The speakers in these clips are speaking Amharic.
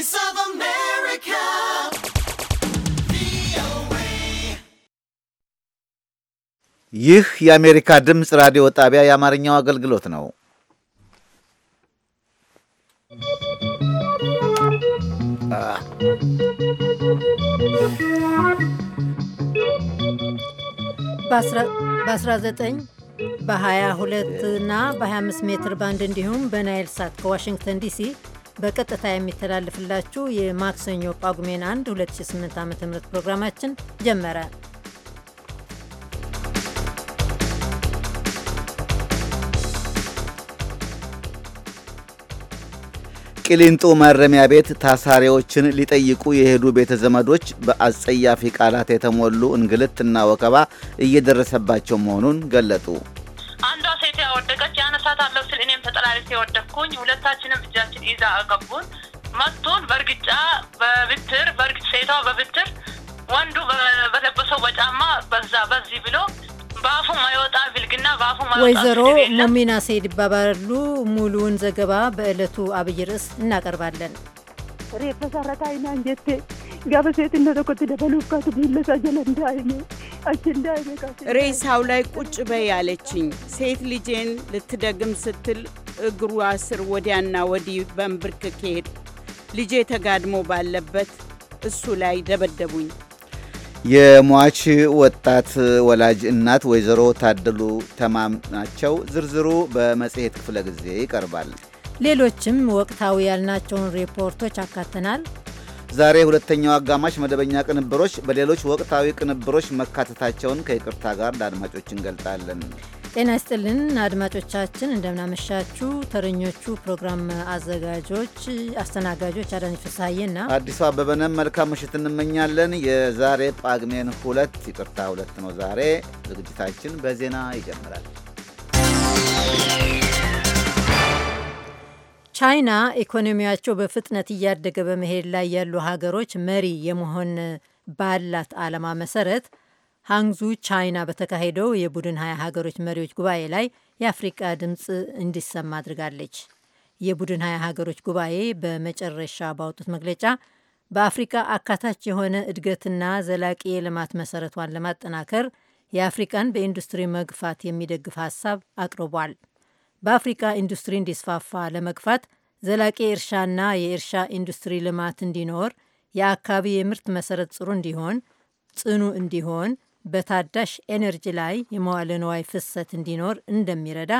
Voice of America. ይህ የአሜሪካ ድምፅ ራዲዮ ጣቢያ የአማርኛው አገልግሎት ነው። በ19 በ22 እና በ25 ሜትር ባንድ እንዲሁም በናይል ሳት ከዋሽንግተን ዲሲ በቀጥታ የሚተላልፍላችሁ የማክሰኞ ጳጉሜን 1 2008 ዓ ም ፕሮግራማችን ጀመረ። ቅሊንጦ ማረሚያ ቤት ታሳሪዎችን ሊጠይቁ የሄዱ ቤተ ዘመዶች በአጸያፊ ቃላት የተሞሉ እንግልትና ወከባ እየደረሰባቸው መሆኑን ገለጡ። አንዷ ሴት ያወደቀች እኔም ተጠላልፌ የወደኩኝ ሁለታችንም እጃችን ይዛ አገቡን። መቱን በእርግጫ በብትር በእርግ ሴቷ በብትር ወንዱ በለበሰው በጫማ በዛ በዚህ ብሎ በአፉ ማይወጣ ብልግና በአፉ ማይወጣ ወይዘሮ ሙሚና ሰይድ ይባባሉ። ሙሉውን ዘገባ በዕለቱ አብይ ርዕስ እናቀርባለን። ሬ ተሰረታይና እንጀቴ ጋበ ሴትነት እኮ ደበሉ ካቱ ቢለሳ ጀለ እንዳይነ ሬሳው ላይ ቁጭ በይ ያለችኝ ሴት ልጄን ልትደግም ስትል እግሩ ስር ወዲያና ወዲህ በንብርክኬ ከሄድ ልጄ ተጋድሞ ባለበት እሱ ላይ ደበደቡኝ። የሟች ወጣት ወላጅ እናት ወይዘሮ ታደሉ ተማም ናቸው። ዝርዝሩ በመጽሔት ክፍለ ጊዜ ይቀርባል። ሌሎችም ወቅታዊ ያልናቸውን ሪፖርቶች አካተናል። ዛሬ ሁለተኛው አጋማሽ መደበኛ ቅንብሮች በሌሎች ወቅታዊ ቅንብሮች መካተታቸውን ከይቅርታ ጋር ለአድማጮች እንገልጣለን። ጤና ይስጥልን አድማጮቻችን፣ እንደምናመሻችሁ። ተረኞቹ ፕሮግራም አዘጋጆች አስተናጋጆች አዳኝ ፍስሀዬና አዲሱ አበበነም መልካም ምሽት እንመኛለን። የዛሬ ጳግሜን ሁለት ይቅርታ ሁለት ነው ዛሬ ዝግጅታችን በዜና ይጀምራል። ቻይና ኢኮኖሚያቸው በፍጥነት እያደገ በመሄድ ላይ ያሉ ሀገሮች መሪ የመሆን ባላት ዓላማ መሰረት ሃንግዙ ቻይና በተካሄደው የቡድን ሀያ ሀገሮች መሪዎች ጉባኤ ላይ የአፍሪቃ ድምፅ እንዲሰማ አድርጋለች። የቡድን ሀያ ሀገሮች ጉባኤ በመጨረሻ ባወጡት መግለጫ በአፍሪቃ አካታች የሆነ እድገትና ዘላቂ የልማት መሰረቷን ለማጠናከር የአፍሪቃን በኢንዱስትሪ መግፋት የሚደግፍ ሀሳብ አቅርቧል። በአፍሪካ ኢንዱስትሪ እንዲስፋፋ ለመግፋት ዘላቂ እርሻና የእርሻ ኢንዱስትሪ ልማት እንዲኖር የአካባቢ የምርት መሰረት ጽሩ እንዲሆን ጽኑ እንዲሆን በታዳሽ ኤነርጂ ላይ የመዋለ ንዋይ ፍሰት እንዲኖር እንደሚረዳ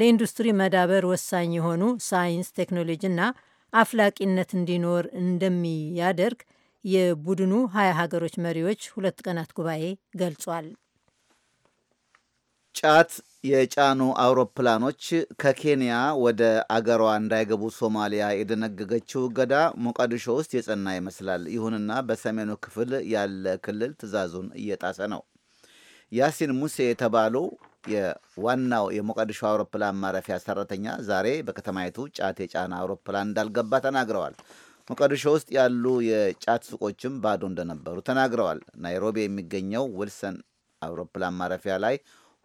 ለኢንዱስትሪ መዳበር ወሳኝ የሆኑ ሳይንስ፣ ቴክኖሎጂና አፍላቂነት እንዲኖር እንደሚያደርግ የቡድኑ ሀያ ሀገሮች መሪዎች ሁለት ቀናት ጉባኤ ገልጿል። ጫት የጫኑ አውሮፕላኖች ከኬንያ ወደ አገሯ እንዳይገቡ ሶማሊያ የደነገገችው እገዳ ሞቃዲሾ ውስጥ የጸና ይመስላል። ይሁንና በሰሜኑ ክፍል ያለ ክልል ትዕዛዙን እየጣሰ ነው። ያሲን ሙሴ የተባሉ የዋናው የሞቃዲሾ አውሮፕላን ማረፊያ ሰራተኛ ዛሬ በከተማይቱ ጫት የጫነ አውሮፕላን እንዳልገባ ተናግረዋል። ሞቃዲሾ ውስጥ ያሉ የጫት ሱቆችም ባዶ እንደነበሩ ተናግረዋል። ናይሮቢ የሚገኘው ዊልሰን አውሮፕላን ማረፊያ ላይ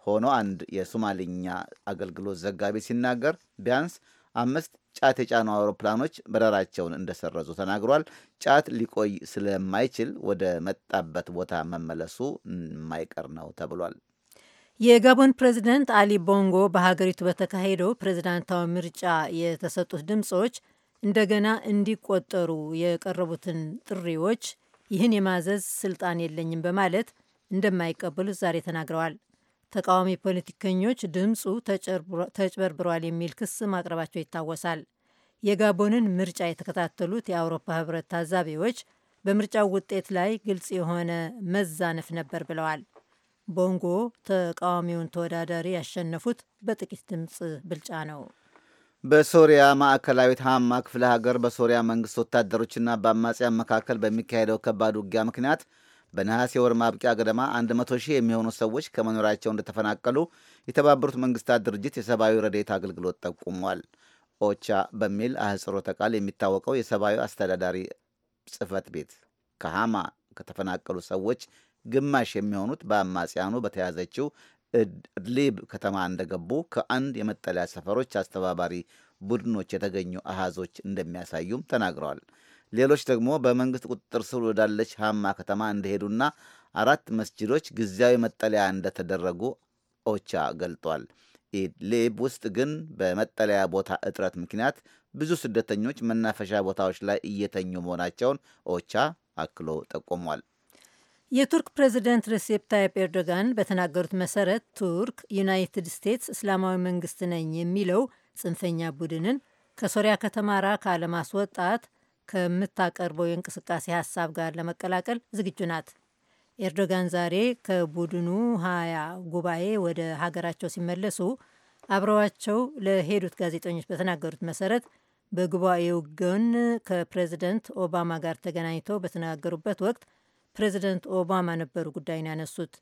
ሆኖ አንድ የሶማሊኛ አገልግሎት ዘጋቢ ሲናገር ቢያንስ አምስት ጫት የጫኑ አውሮፕላኖች በረራቸውን እንደሰረዙ ተናግሯል። ጫት ሊቆይ ስለማይችል ወደ መጣበት ቦታ መመለሱ የማይቀር ነው ተብሏል። የጋቦን ፕሬዚደንት አሊ ቦንጎ በሀገሪቱ በተካሄደው ፕሬዚዳንታዊ ምርጫ የተሰጡት ድምፆች እንደገና እንዲቆጠሩ የቀረቡትን ጥሪዎች ይህን የማዘዝ ስልጣን የለኝም በማለት እንደማይቀበሉት ዛሬ ተናግረዋል። ተቃዋሚ ፖለቲከኞች ድምፁ ተጭበርብሯል የሚል ክስ ማቅረባቸው ይታወሳል። የጋቦንን ምርጫ የተከታተሉት የአውሮፓ ህብረት ታዛቢዎች በምርጫው ውጤት ላይ ግልጽ የሆነ መዛነፍ ነበር ብለዋል። ቦንጎ ተቃዋሚውን ተወዳዳሪ ያሸነፉት በጥቂት ድምፅ ብልጫ ነው። በሶሪያ ማዕከላዊት ሀማ ክፍለ ሀገር በሶሪያ መንግስት ወታደሮችና በአማጽያን መካከል በሚካሄደው ከባድ ውጊያ ምክንያት በነሐሴ ወር ማብቂያ ገደማ 100 ሺህ የሚሆኑ ሰዎች ከመኖሪያቸው እንደተፈናቀሉ የተባበሩት መንግስታት ድርጅት የሰብአዊ ረድኤት አገልግሎት ጠቁሟል። ኦቻ በሚል አህጽሮተ ቃል የሚታወቀው የሰብአዊ አስተዳዳሪ ጽህፈት ቤት ከሃማ ከተፈናቀሉ ሰዎች ግማሽ የሚሆኑት በአማጽያኑ በተያዘችው እድሊብ ከተማ እንደገቡ ከአንድ የመጠለያ ሰፈሮች አስተባባሪ ቡድኖች የተገኙ አሃዞች እንደሚያሳዩም ተናግረዋል። ሌሎች ደግሞ በመንግስት ቁጥጥር ስር ወዳለች ሃማ ከተማ እንደሄዱና አራት መስጂዶች ጊዜያዊ መጠለያ እንደተደረጉ ኦቻ ገልጧል። ኢድሊብ ውስጥ ግን በመጠለያ ቦታ እጥረት ምክንያት ብዙ ስደተኞች መናፈሻ ቦታዎች ላይ እየተኙ መሆናቸውን ኦቻ አክሎ ጠቁሟል። የቱርክ ፕሬዚደንት ሬሴፕ ታይፕ ኤርዶጋን በተናገሩት መሰረት ቱርክ ዩናይትድ ስቴትስ እስላማዊ መንግስት ነኝ የሚለው ጽንፈኛ ቡድንን ከሶሪያ ከተማ ራካ ለማስወጣት ከምታቀርበው የእንቅስቃሴ ሀሳብ ጋር ለመቀላቀል ዝግጁ ናት። ኤርዶጋን ዛሬ ከቡድኑ ሀያ ጉባኤ ወደ ሀገራቸው ሲመለሱ አብረዋቸው ለሄዱት ጋዜጠኞች በተናገሩት መሰረት በጉባኤው ጎን ከፕሬዚደንት ኦባማ ጋር ተገናኝተው በተናገሩበት ወቅት ፕሬዚደንት ኦባማ ነበሩ ጉዳይን ያነሱት።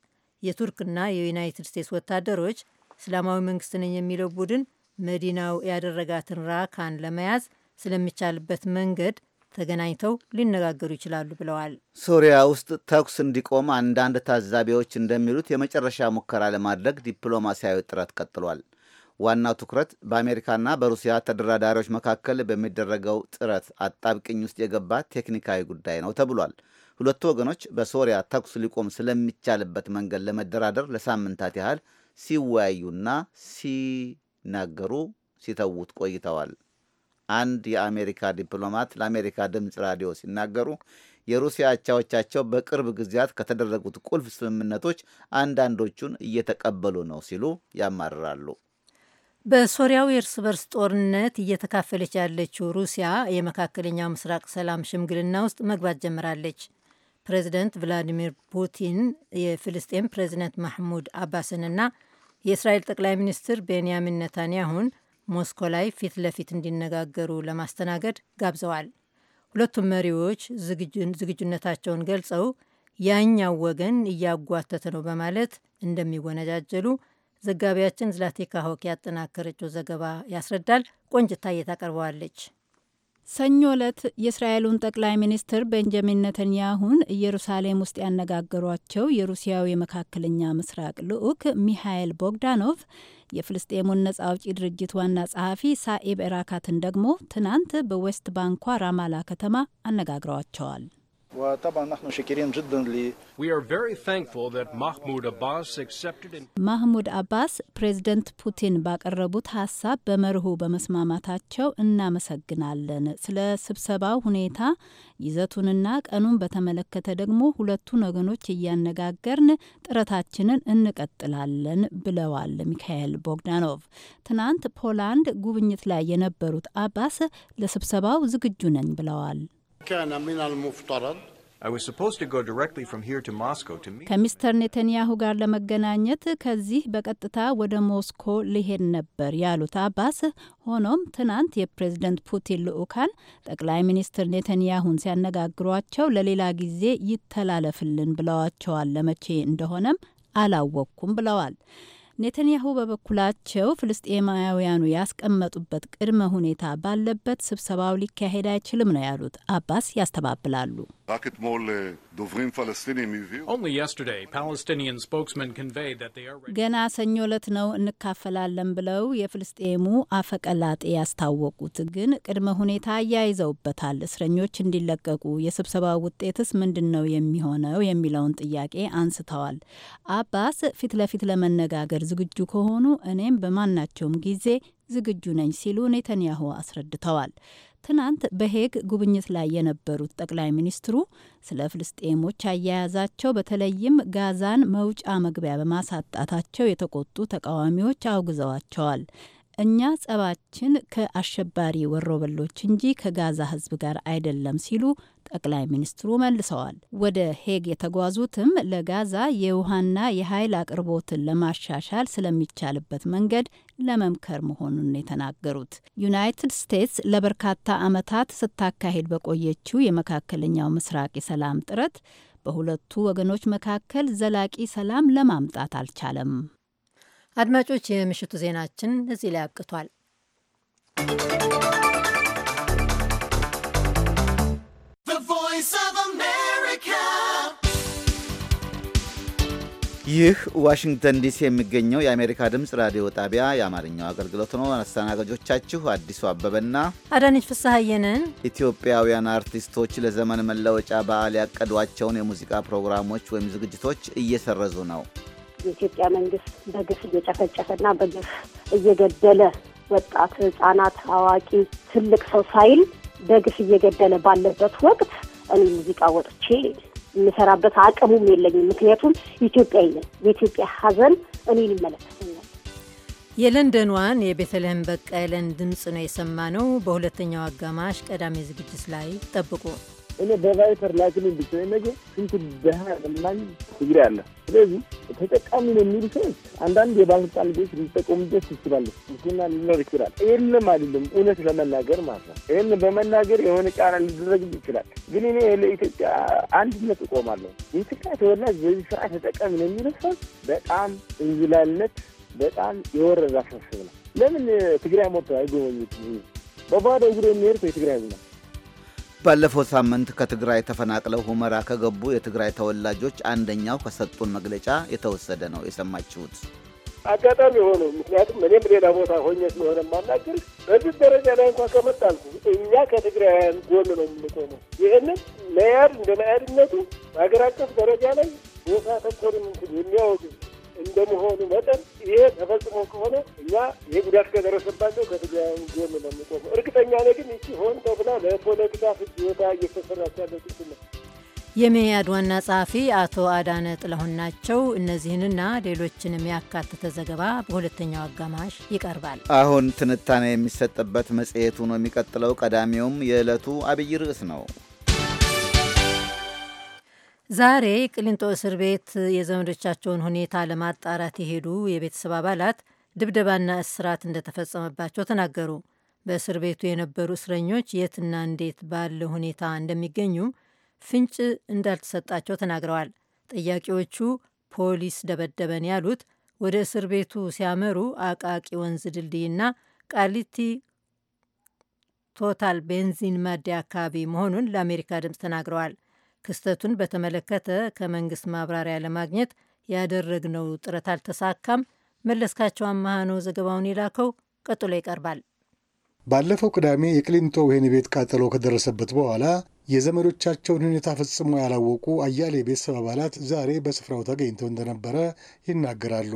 የቱርክና የዩናይትድ ስቴትስ ወታደሮች እስላማዊ መንግስት ነኝ የሚለው ቡድን መዲናው ያደረጋትን ራካን ለመያዝ ስለሚቻልበት መንገድ ተገናኝተው ሊነጋገሩ ይችላሉ ብለዋል። ሶሪያ ውስጥ ተኩስ እንዲቆም አንዳንድ ታዛቢዎች እንደሚሉት የመጨረሻ ሙከራ ለማድረግ ዲፕሎማሲያዊ ጥረት ቀጥሏል። ዋናው ትኩረት በአሜሪካና በሩሲያ ተደራዳሪዎች መካከል በሚደረገው ጥረት አጣብቅኝ ውስጥ የገባ ቴክኒካዊ ጉዳይ ነው ተብሏል። ሁለቱ ወገኖች በሶሪያ ተኩስ ሊቆም ስለሚቻልበት መንገድ ለመደራደር ለሳምንታት ያህል ሲወያዩና ሲናገሩ ሲተዉት ቆይተዋል። አንድ የአሜሪካ ዲፕሎማት ለአሜሪካ ድምፅ ራዲዮ ሲናገሩ የሩሲያ አቻዎቻቸው በቅርብ ጊዜያት ከተደረጉት ቁልፍ ስምምነቶች አንዳንዶቹን እየተቀበሉ ነው ሲሉ ያማርራሉ። በሶሪያው የእርስ በርስ ጦርነት እየተካፈለች ያለችው ሩሲያ የመካከለኛው ምስራቅ ሰላም ሽምግልና ውስጥ መግባት ጀምራለች። ፕሬዚደንት ቭላዲሚር ፑቲን የፍልስጤም ፕሬዚደንት ማሕሙድ አባስንና የእስራኤል ጠቅላይ ሚኒስትር ቤንያሚን ነታንያሁን ሞስኮ ላይ ፊት ለፊት እንዲነጋገሩ ለማስተናገድ ጋብዘዋል። ሁለቱም መሪዎች ዝግጁነታቸውን ገልጸው ያኛው ወገን እያጓተተ ነው በማለት እንደሚወነጃጀሉ ዘጋቢያችን ዝላቴካ ሆክ ያጠናከረችው ዘገባ ያስረዳል። ቆንጅታ እየታቀርበዋለች። ሰኞ ዕለት የእስራኤሉን ጠቅላይ ሚኒስትር ቤንጃሚን ነተንያሁን ኢየሩሳሌም ውስጥ ያነጋገሯቸው የሩሲያው የመካከለኛ ምስራቅ ልዑክ ሚሃኤል ቦግዳኖቭ የፍልስጤሙን ነጻ አውጪ ድርጅት ዋና ጸሐፊ ሳኤብ ኤራካትን ደግሞ ትናንት በዌስት ባንኳ ራማላ ከተማ አነጋግረዋቸዋል። ማህሙድ አባስ ፕሬዝደንት ፑቲን ባቀረቡት ሀሳብ በመርሁ በመስማማታቸው እናመሰግናለን። ስለ ስብሰባው ሁኔታ ይዘቱንና ቀኑን በተመለከተ ደግሞ ሁለቱን ወገኖች እያነጋገርን ጥረታችንን እንቀጥላለን ብለዋል ሚካኤል ቦግዳኖቭ። ትናንት ፖላንድ ጉብኝት ላይ የነበሩት አባስ ለስብሰባው ዝግጁ ነኝ ብለዋል። ከሚስተር ኔተንያሁ ጋር ለመገናኘት ከዚህ በቀጥታ ወደ ሞስኮ ሊሄድ ነበር ያሉት አባስ፣ ሆኖም ትናንት የፕሬዝደንት ፑቲን ልዑካን ጠቅላይ ሚኒስትር ኔተንያሁን ሲያነጋግሯቸው ለሌላ ጊዜ ይተላለፍልን ብለዋቸዋል። ለመቼ እንደሆነም አላወቅኩም ብለዋል። ኔተንያሁ በበኩላቸው ፍልስጤማውያኑ ያስቀመጡበት ቅድመ ሁኔታ ባለበት ስብሰባው ሊካሄድ አይችልም ነው ያሉት። አባስ ያስተባብላሉ። ገና ሰኞ ዕለት ነው እንካፈላለን ብለው የፍልስጤሙ አፈቀላጤ ያስታወቁት፣ ግን ቅድመ ሁኔታ አያይዘውበታል። እስረኞች እንዲለቀቁ የስብሰባው ውጤትስ ምንድን ነው የሚሆነው የሚለውን ጥያቄ አንስተዋል። አባስ ፊት ለፊት ለመነጋገር ዝግጁ ከሆኑ እኔም በማናቸውም ጊዜ ዝግጁ ነኝ ሲሉ ኔተንያሁ አስረድተዋል። ትናንት በሄግ ጉብኝት ላይ የነበሩት ጠቅላይ ሚኒስትሩ ስለ ፍልስጤሞች አያያዛቸው በተለይም ጋዛን መውጫ መግቢያ በማሳጣታቸው የተቆጡ ተቃዋሚዎች አውግዘዋቸዋል። እኛ ጸባችን ከአሸባሪ ወሮበሎች እንጂ ከጋዛ ሕዝብ ጋር አይደለም ሲሉ ጠቅላይ ሚኒስትሩ መልሰዋል። ወደ ሄግ የተጓዙትም ለጋዛ የውሃና የኃይል አቅርቦትን ለማሻሻል ስለሚቻልበት መንገድ ለመምከር መሆኑን የተናገሩት ዩናይትድ ስቴትስ ለበርካታ ዓመታት ስታካሄድ በቆየችው የመካከለኛው ምስራቅ የሰላም ጥረት በሁለቱ ወገኖች መካከል ዘላቂ ሰላም ለማምጣት አልቻለም። አድማጮች፣ የምሽቱ ዜናችን እዚህ ላይ አብቅቷል። ይህ ዋሽንግተን ዲሲ የሚገኘው የአሜሪካ ድምፅ ራዲዮ ጣቢያ የአማርኛው አገልግሎት ነው። አስተናጋጆቻችሁ አዲሱ አበበና አዳነች ፍስሐየንን። ኢትዮጵያውያን አርቲስቶች ለዘመን መለወጫ በዓል ያቀዷቸውን የሙዚቃ ፕሮግራሞች ወይም ዝግጅቶች እየሰረዙ ነው። የኢትዮጵያ መንግስት በግፍ እየጨፈጨፈና በግፍ እየገደለ ወጣት፣ ህጻናት፣ አዋቂ፣ ትልቅ ሰው ሳይል በግፍ እየገደለ ባለበት ወቅት እኔ ሙዚቃ ወጥቼ የምሰራበት አቅሙም የለኝም። ምክንያቱም ኢትዮጵያ ነኝ። የኢትዮጵያ ሀዘን እኔን ይመለከተኛል። የለንደኗን የቤተልሔም በቀለን ድምፅ ነው የሰማ ነው። በሁለተኛው አጋማሽ ቀዳሚ ዝግጅት ላይ ጠብቁ። እኔ በቫይተር ላክልኝ ብቻ ነገ ስንት ድሀ ለማኝ ትግሪ አለ። ስለዚህ ተጠቃሚ ነው የሚሉ ሰዎች አንዳንድ የባለስልጣን ልጆች ሊጠቀሙበት ይችላሉ። ምስና ሊኖር ይችላል። የለም አይደለም እውነት ለመናገር ማለት ነው። ይህን በመናገር የሆነ ጫና ሊደረግ ይችላል። ግን እኔ ለኢትዮጵያ አንድነት እቆማለሁ። የኢትዮጵያ ተወላጅ በዚህ ሰዓት ተጠቃሚ ነው የሚሉ ሰው በጣም እንዝላልነት በጣም የወረዳ ሰብስብ ነው። ለምን ትግራይ ሞቶ አይጎበኙት? በባዶ እግሩ የሚሄድ የትግራይ ዝናል ባለፈው ሳምንት ከትግራይ ተፈናቅለው ሁመራ ከገቡ የትግራይ ተወላጆች አንደኛው ከሰጡን መግለጫ የተወሰደ ነው የሰማችሁት። አጋጣሚ ሆኖ ምክንያቱም እኔም ሌላ ቦታ ሆኜ ስለሆነ ማናገር በዚህ ደረጃ ላይ እንኳ ከመጣልኩ እኛ ከትግራውያን ጎን ነው የምንቆመው። ይህንን መያድ እንደ መያድነቱ በሀገር አቀፍ ደረጃ ላይ ቦታ ተኮር የሚያወግዝ እንደመሆኑ መጠን ይሄ ተፈጽሞ ከሆነ እኛ ይሄ ጉዳት ከደረሰባቸው ከትግራይ ጎን ነው የሚቆመው። እርግጠኛ ነኝ ግን ይቺ ሆን ተብላ ለፖለቲካ ፍጆታ እየተሰራች ያለች ነው። የመያድ ዋና ጸሐፊ አቶ አዳነ ጥላሁን ናቸው። እነዚህንና ሌሎችንም ያካተተ ዘገባ በሁለተኛው አጋማሽ ይቀርባል። አሁን ትንታኔ የሚሰጥበት መጽሔቱ ነው የሚቀጥለው። ቀዳሚውም የዕለቱ አብይ ርዕስ ነው። ዛሬ ቅሊንጦ እስር ቤት የዘመዶቻቸውን ሁኔታ ለማጣራት የሄዱ የቤተሰብ አባላት ድብደባና እስራት እንደተፈጸመባቸው ተናገሩ። በእስር ቤቱ የነበሩ እስረኞች የትና እንዴት ባለ ሁኔታ እንደሚገኙ ፍንጭ እንዳልተሰጣቸው ተናግረዋል። ጠያቂዎቹ ፖሊስ ደበደበን ያሉት ወደ እስር ቤቱ ሲያመሩ አቃቂ ወንዝ ድልድይና ቃሊቲ ቶታል ቤንዚን ማደያ አካባቢ መሆኑን ለአሜሪካ ድምፅ ተናግረዋል። ክስተቱን በተመለከተ ከመንግስት ማብራሪያ ለማግኘት ያደረግነው ጥረት አልተሳካም። መለስካቸው አመሃ ነው ዘገባውን የላከው፣ ቀጥሎ ይቀርባል። ባለፈው ቅዳሜ የቅሊንጦ ወህኒ ቤት ቃጠሎ ከደረሰበት በኋላ የዘመዶቻቸውን ሁኔታ ፈጽሞ ያላወቁ አያሌ ቤተሰብ አባላት ዛሬ በስፍራው ተገኝተው እንደነበረ ይናገራሉ።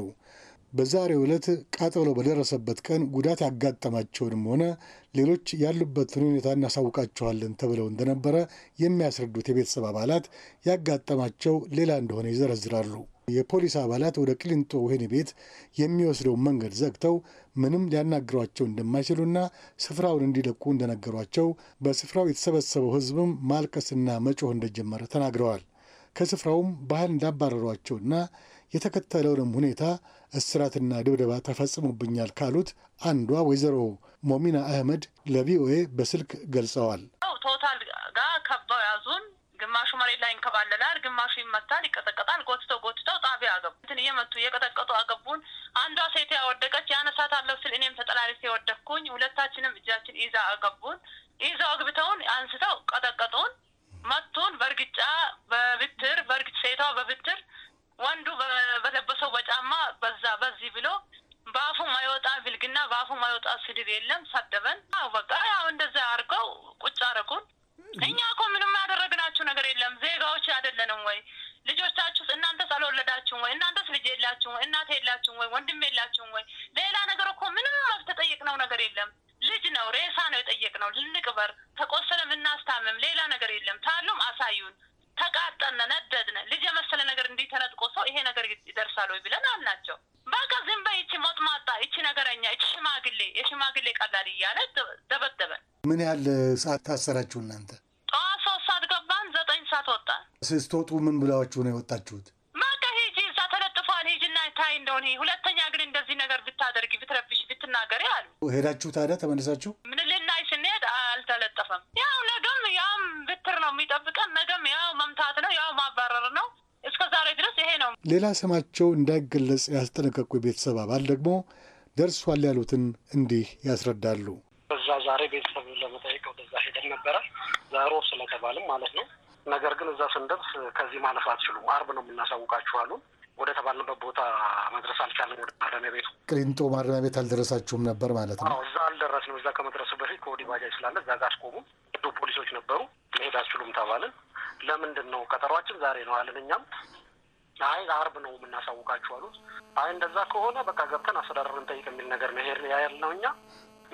በዛሬው ዕለት ቃጠሎ በደረሰበት ቀን ጉዳት ያጋጠማቸውንም ሆነ ሌሎች ያሉበትን ሁኔታ እናሳውቃቸዋለን ተብለው እንደነበረ የሚያስረዱት የቤተሰብ አባላት ያጋጠማቸው ሌላ እንደሆነ ይዘረዝራሉ። የፖሊስ አባላት ወደ ቅሊንጦ ወህኒ ቤት የሚወስደውን መንገድ ዘግተው ምንም ሊያናግሯቸው እንደማይችሉና ስፍራውን እንዲለቁ እንደነገሯቸው፣ በስፍራው የተሰበሰበው ህዝብም ማልቀስና መጮህ እንደጀመረ ተናግረዋል። ከስፍራውም ባህል እንዳባረሯቸውና የተከተለውንም ሁኔታ እስራትና ድብደባ ተፈጽሞብኛል ካሉት አንዷ ወይዘሮ ሞሚና አህመድ ለቪኦኤ በስልክ ገልጸዋል። ቶታል ጋር ከበው ያዙን። ግማሹ መሬት ላይ እንከባለላል፣ ግማሹ ይመታል፣ ይቀጠቀጣል። ጎትተው ጎትተው ጣቢያ አገቡ። እንትን እየመቱ እየቀጠቀጡ አገቡን። አንዷ ሴት ያወደቀች ያነሳት አለው ስል እኔም ተጠላልፍ የወደቅኩኝ። ሁለታችንም እጃችን ይዛ አገቡን። ይዘው አግብተውን አንስተው ቀጠቀጡን፣ መቱን። በእርግጫ በብትር በእርግጭ ሴቷ በብትር ወንዱ በለበሰው በጫማ በዛ በዚህ ብሎ በአፉ ማይወጣ ብልግና በአፉ ማይወጣ ስድብ የለም። ሳደበን በቃ ያው እንደዚ አድርገው ቁጭ አረጉን። እኛ እኮ ምንም ያደረግናችሁ ነገር የለም። ዜጋዎች አይደለንም ወይ? ልጆቻችሁስ እናንተስ አልወለዳችሁም ወይ? እናንተስ ልጅ የላችሁም ወይ? እናት የላችሁም ወይ? ወንድም የላችሁም ወይ? ሌላ ነገር እኮ ምንም አልተጠየቅነው ነገር የለም። ልጅ ነው ሬሳ ነው የጠየቅነው። ልንቅበር፣ ተቆሰለም እናስታምም፣ ሌላ ነገር የለም። ታሉም አሳዩን ተቃጠነ፣ ነደድነ። ልጅ የመሰለ ነገር እንዲህ ተነጥቆ ሰው ይሄ ነገር ይደርሳል ወይ ብለን አልናቸው። በቃ ዝም በይ ይቺ ሞጥማጣ፣ ይቺ ነገረኛ፣ ይቺ ሽማግሌ፣ የሽማግሌ ቀላል እያለ ደበደበን። ምን ያህል ሰዓት ታሰራችሁ እናንተ? ጠዋት ሶስት ሰዓት ገባን፣ ዘጠኝ ሰዓት ወጣን። ስትወጡ ምን ብላችሁ ነው የወጣችሁት? በቃ ሂጂ እዛ ተለጥፏል፣ ሂጂና ታይ እንደሆነ ሁለተኛ ግን እንደዚህ ነገር ብታደርጊ፣ ብትረብሽ፣ ብትናገሪ አሉ። ሄዳችሁ ታዲያ ተመልሳችሁ ምን ልናይ ስንሄድ አልተለጠፈም። ያው ነገም ያም ብትር ነው የሚጠብቀን። ነገም ያው መምታት ነው፣ ያው ማባረር ነው። እስከ ዛሬ ድረስ ይሄ ነው። ሌላ ስማቸው እንዳይገለጽ ያስጠነቀቁ የቤተሰብ አባል ደግሞ ደርሷል ያሉትን እንዲህ ያስረዳሉ። እዛ ዛሬ ቤተሰብ ለመጠየቅ ወደዛ ሄደን ነበረ ዛሮ ስለተባልም ማለት ነው። ነገር ግን እዛ ስንደርስ ከዚህ ማለፍ አትችሉም፣ አርብ ነው የምናሳውቃችኋሉን ወደ ተባለበት ቦታ መድረስ አልቻለም። ወደ ማረሚያ ቤቱ ቅሊንጦ ማረሚያ ቤት አልደረሳችሁም ነበር ማለት ነው? እዛ አልደረስንም። እዛ ከመድረሱ በፊት ከወዲህ ባጃጅ ስላለ እዛ ጋር አስቆሙ። ሄዶ ፖሊሶች ነበሩ። መሄድ አችሉም ተባልን። ለምንድን ነው ቀጠሯችን ዛሬ ነው አለን። እኛም አይ አርብ ነው የምናሳውቃችሁ አሉት። አይ እንደዛ ከሆነ በቃ ገብተን አስተዳደርን እንጠይቅ የሚል ነገር መሄድ ያያል ነው እኛ።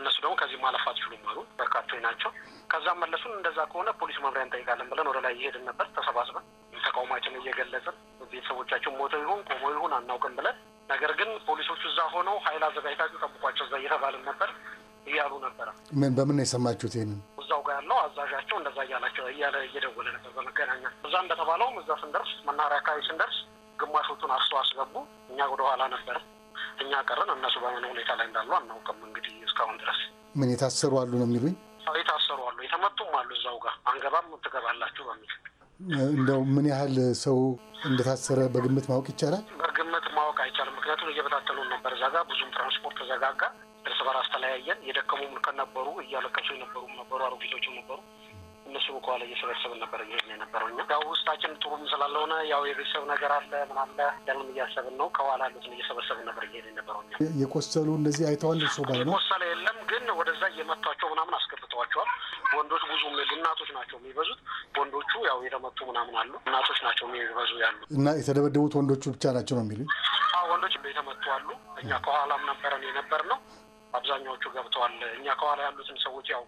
እነሱ ደግሞ ከዚህ ማለፍ አትችሉም አሉ። በርካቶች ናቸው። ከዛም መለሱን። እንደዛ ከሆነ ፖሊስ መምሪያ እንጠይቃለን ብለን ወደ ላይ እየሄድን ነበር ተሰባስበን ተቃውሟችን እየገለጽን ቤተሰቦቻችን ሞተው ይሁን ቆሞ ይሁን አናውቅም ብለን ነገር ግን ፖሊሶቹ እዛ ሆነው ኃይል አዘጋጅታችሁ ጠብቋቸው እዛ እየተባልን ነበር እያሉ ነበረ። ምን በምን ነው የሰማችሁት? ይህንን እዛው ጋር ያለው አዛዣቸው እንደዛ እያላቸው እያለ እየደወለ ነበር በመገናኛ እዛ እንደተባለውም እዛ ስንደርስ መናሪያ አካባቢ ስንደርስ ግማሾቹን አርሶ አስገቡ። እኛ ወደ ኋላ ነበር እኛ ቀርን። እነሱ በምን ሁኔታ ላይ እንዳሉ አናውቅም። እንግዲህ እስካሁን ድረስ ምን የታሰሩ አሉ ነው የሚሉኝ። የታሰሩ አሉ፣ የተመቱም አሉ። እዛው ጋር አንገባም ትገባላችሁ በሚል እንደው ምን ያህል ሰው እንደታሰረ በግምት ማወቅ ይቻላል? በግምት ማወቅ አይቻልም። ምክንያቱም እየበታተሉን ነበር። እዛ ጋ ብዙም ትራንስፖርት ተዘጋጋ፣ እርስ በራስ ተለያየን። የደከሙም ከነበሩ እያለቀሱ የነበሩም ነበሩ፣ አሮጊቶችም ነበሩ። እነሱ ከኋላ እየሰበሰብን ነበር እየሄድን የነበረው እኛ ያው ውስጣችን ጥሩም ስላልሆነ ያው የቤተሰብ ነገር አለ ምናለ አለ እያሰብን ነው። ከኋላ ያሉትን እየሰበሰብን ነበር እየሄድን የነበረው እኛ። የቆሰሉ እነዚህ አይተዋል። እሱ ባይ ነው የቆሰለ የለም፣ ግን ወደዛ እየመቷቸው ምናምን አስገብተዋቸዋል። ወንዶች ብዙ እናቶች ናቸው የሚበዙት። ወንዶቹ ያው የተመቱ ምናምን አሉ። እናቶች ናቸው የሚበዙ ያሉ እና የተደበደቡት ወንዶቹ ብቻ ናቸው ነው የሚሉኝ። ወንዶች የተመቱ አሉ። እኛ ከኋላም ነበረን የነበር ነው። አብዛኛዎቹ ገብተዋል። እኛ ከኋላ ያሉትን ሰዎች ያው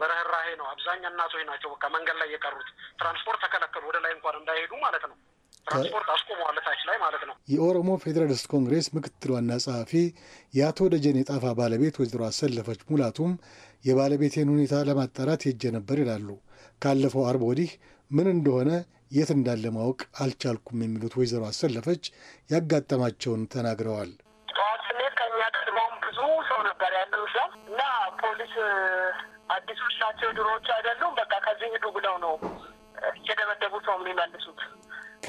በረህራሄ ነው። አብዛኛ እናቶች ናቸው በቃ መንገድ ላይ የቀሩት። ትራንስፖርት ተከለከሉ፣ ወደ ላይ እንኳን እንዳይሄዱ ማለት ነው። ትራንስፖርት አስቆመዋል፣ ታች ላይ ማለት ነው። የኦሮሞ ፌዴራሊስት ኮንግሬስ ምክትል ዋና ጸሐፊ የአቶ ደጀኔ ጣፋ ባለቤት ወይዘሮ አሰለፈች ሙላቱም የባለቤቴን ሁኔታ ለማጣራት ሄጄ ነበር ይላሉ። ካለፈው አርብ ወዲህ ምን እንደሆነ የት እንዳለ ማወቅ አልቻልኩም የሚሉት ወይዘሮ አሰለፈች ያጋጠማቸውን ተናግረዋል። ጠዋት ስሜት ከሚያቀድመውም ብዙ ሰው ነበር ያለው እዛ እና ፖሊስ አዲሶች ናቸው፣ ድሮዎች አይደሉም፣ በቃ ከዚህ ሂዱ ብለው ነው እየደበደቡት ነው የሚመልሱት።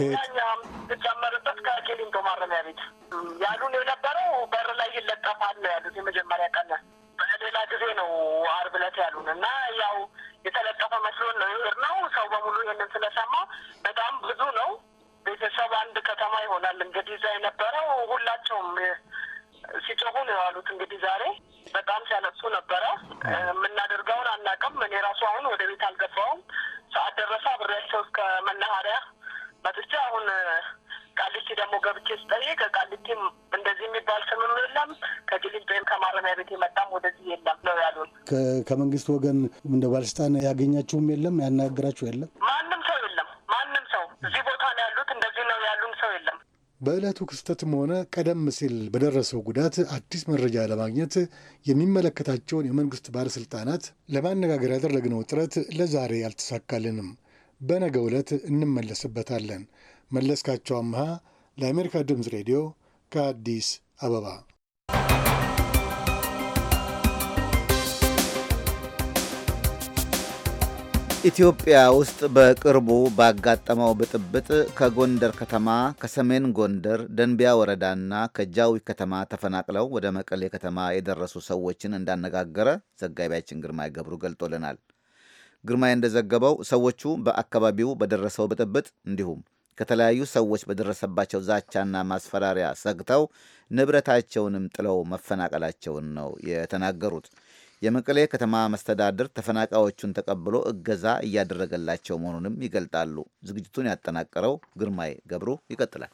እኛም ትጨመርበት ከቂሊንጦ ማረሚያ ቤት ያሉን የነበረው በር ላይ ይለጠፋል ነው ያሉት። የመጀመሪያ ቀን በሌላ ጊዜ ነው አርብ ዕለት ያሉን እና ያው የተለጠፈ መስሎን ነው ይር ነው። ሰው በሙሉ ይህንን ስለሰማ በጣም ብዙ ነው ቤተሰብ አንድ ከተማ ይሆናል እንግዲህ እዛ የነበረው ሁላቸውም ሲጮሁ ነው የዋሉት። እንግዲህ ዛሬ በጣም ሲያለቅሱ ነበረ። የምናደርገውን አናውቅም። እኔ ራሱ አሁን ወደ ቤት አልገባውም። ሰዓት ደረሰ። አብሬያቸው እስከ መናኸሪያ መጥቼ አሁን ቃሊቲ ደግሞ ገብቼ ስጠይቅ ቃሊቲም እንደዚህ የሚባል ስምም የለም ወይም ከማረሚያ ቤት የመጣም ወደዚህ የለም ነው ያሉን። ከመንግስት ወገን እንደ ባለስልጣን ያገኛችሁም የለም ያናገራችሁ የለም ማንም ሰው የለም። ማንም ሰው እዚህ ቦታ ነው ያሉት እንደዚህ ነው ያሉን ሰው የለም። በዕለቱ ክስተትም ሆነ ቀደም ሲል በደረሰው ጉዳት አዲስ መረጃ ለማግኘት የሚመለከታቸውን የመንግስት ባለሥልጣናት ለማነጋገር ያደረግነው ጥረት ለዛሬ አልተሳካልንም። በነገ ዕለት እንመለስበታለን። መለስካቸው አምሃ ለአሜሪካ ድምፅ ሬዲዮ ከአዲስ አበባ ኢትዮጵያ ውስጥ በቅርቡ ባጋጠመው ብጥብጥ ከጎንደር ከተማ ከሰሜን ጎንደር ደንቢያ ወረዳና ከጃዊ ከተማ ተፈናቅለው ወደ መቀሌ ከተማ የደረሱ ሰዎችን እንዳነጋገረ ዘጋቢያችን ግርማይ ገብሩ ገልጦልናል። ግርማይ እንደዘገበው ሰዎቹ በአካባቢው በደረሰው ብጥብጥ እንዲሁም ከተለያዩ ሰዎች በደረሰባቸው ዛቻና ማስፈራሪያ ሰግተው ንብረታቸውንም ጥለው መፈናቀላቸውን ነው የተናገሩት። የመቀሌ ከተማ መስተዳድር ተፈናቃዮቹን ተቀብሎ እገዛ እያደረገላቸው መሆኑንም ይገልጣሉ። ዝግጅቱን ያጠናቀረው ግርማይ ገብሩ ይቀጥላል።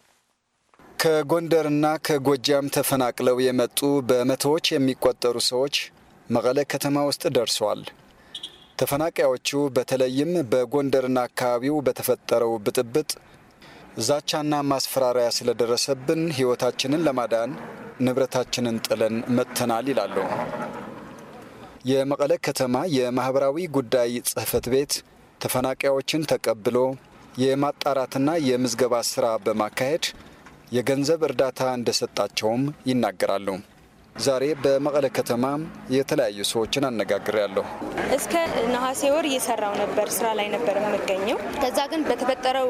ከጎንደርና ከጎጃም ተፈናቅለው የመጡ በመቶዎች የሚቆጠሩ ሰዎች መቀለ ከተማ ውስጥ ደርሰዋል። ተፈናቃዮቹ በተለይም በጎንደርና አካባቢው በተፈጠረው ብጥብጥ ዛቻና ማስፈራሪያ ስለደረሰብን ሕይወታችንን ለማዳን ንብረታችንን ጥለን መጥተናል ይላሉ። የመቀለ ከተማ የማህበራዊ ጉዳይ ጽህፈት ቤት ተፈናቃዮችን ተቀብሎ የማጣራትና የምዝገባ ስራ በማካሄድ የገንዘብ እርዳታ እንደሰጣቸውም ይናገራሉ። ዛሬ በመቀለ ከተማ የተለያዩ ሰዎችን አነጋግሬያለሁ። እስከ ነሐሴ ወር እየሰራው ነበር፣ ስራ ላይ ነበር የምገኘው። ከዛ ግን በተፈጠረው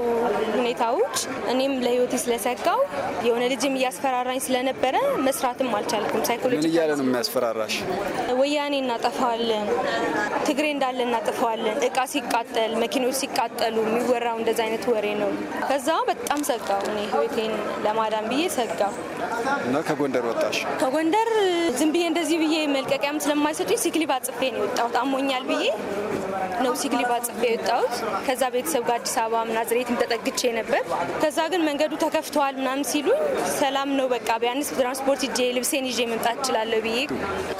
ሁኔታዎች እኔም ለህይወቴ ስለሰጋው የሆነ ልጅም እያስፈራራኝ ስለነበረ መስራትም አልቻልኩም። ሳይኮሎጂ ምን እያለ ነው የሚያስፈራራሽ? ወያኔ እናጠፋዋለን፣ ትግሬ እንዳለ እናጠፋዋለን፣ እቃ ሲቃጠል፣ መኪኖች ሲቃጠሉ የሚወራው እንደዛ አይነት ወሬ ነው። ከዛ በጣም ሰጋው። እኔ ህይወቴን ለማዳን ብዬ ሰጋው እና ከጎንደር ወጣሽ? ከጎንደር ዝም ብዬ እንደዚህ ብዬ መልቀቂያም ስለማይሰጡኝ ሲክሊቭ አጽፌ ነው የወጣሁት። አሞኛል ብዬ ነው ሲክሊቭ አጽፌ የወጣሁት። ከዛ ቤተሰብ ጋር አዲስ አበባ ምናዝሬትም ተጠግቼ ነበር። ከዛ ግን መንገዱ ተከፍተዋል ምናምን ሲሉኝ ሰላም ነው በቃ ቢያንስ ትራንስፖርት ይዤ ልብሴን ይዤ መምጣት እችላለሁ ብዬ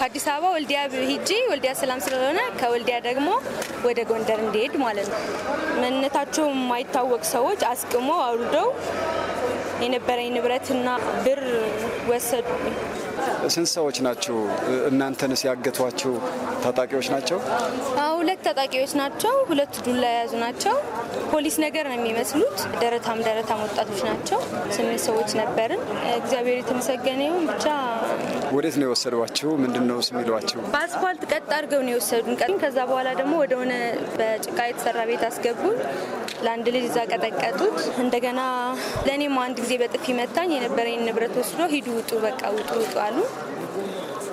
ከአዲስ አበባ ወልዲያ ሂጄ ወልዲያ ሰላም ስለሆነ ከወልዲያ ደግሞ ወደ ጎንደር እንዲሄድ ማለት ነው። ማንነታቸው የማይታወቅ ሰዎች አስቅሞ አውርደው የነበረኝ ንብረትና ብር ወሰዱ። ስንት ሰዎች ናቸው እናንተንስ ያገቷቸው? ታጣቂዎች ናቸው? ሁለት ታጣቂዎች ናቸው። ሁለት ዱላ የያዙ ናቸው። ፖሊስ ነገር ነው የሚመስሉት። ደረታም ደረታም ወጣቶች ናቸው። ስምንት ሰዎች ነበርን። እግዚአብሔር የተመሰገነ ይሁን ብቻ ወዴት ነው የወሰዷቸው? ምንድን ነው የሚሏቸው? በአስፋልት ቀጥ አድርገው ነው የወሰዱን። ከዛ በኋላ ደግሞ ወደሆነ በጭቃ የተሰራ ቤት አስገቡን። ለአንድ ልጅ እዛ ቀጠቀጡት። እንደገና ለእኔም አንድ ጊዜ በጥፊ መታኝ። የነበረኝ ንብረት ወስዶ ሂዱ፣ ውጡ፣ በቃ ውጡ፣ ውጡ አሉ።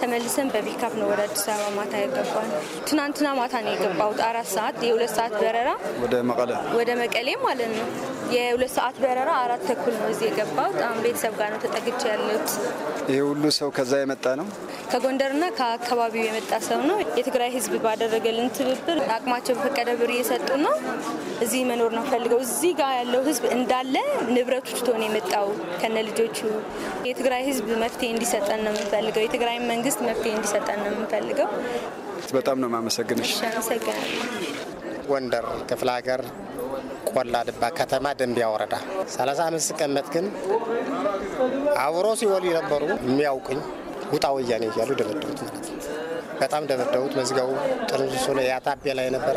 ተመልሰን በፒካፕ ነው ወደ አዲስ አበባ ማታ የገባን። ትናንትና ማታ ነው የገባሁት አራት ሰዓት የሁለት ሰዓት በረራ ወደ መቀሌ ማለት ነው። የሁለት ሰዓት በረራ አራት ተኩል ነው እዚህ የገባሁት። አሁን ቤተሰብ ጋር ነው ተጠግቼ ያለሁት። ይህ ሁሉ ሰው ከዛ የመጣ ነው ከጎንደርና ከአካባቢው የመጣ ሰው ነው። የትግራይ ህዝብ ባደረገልን ትብብር አቅማቸው በፈቀደ ብር እየሰጡ ነው። እዚህ መኖር ነው ፈልገው። እዚህ ጋር ያለው ህዝብ እንዳለ ንብረቱ ትቶ ነው የመጣው ከነ ልጆቹ። የትግራይ ህዝብ መፍትሄ እንዲሰጠን ነው የምንፈልገው። የትግራይ መንግስት መፍትሄ እንዲሰጠን ነው የምንፈልገው። በጣም ነው የማመሰግንሽ። ጎንደር ክፍለ ሀገር ቆላ ድባ ከተማ ደንቢያ ወረዳ 35 ስቀመጥ ግን አብሮ ሲወሉ የነበሩ የሚያውቅኝ ውጣ ወያኔ እያሉ ደበደቡት ማለት ነው። በጣም ደበደቡት። መዝገቡ ጥርምሱ ላይ ያታቤ ላይ የነበረ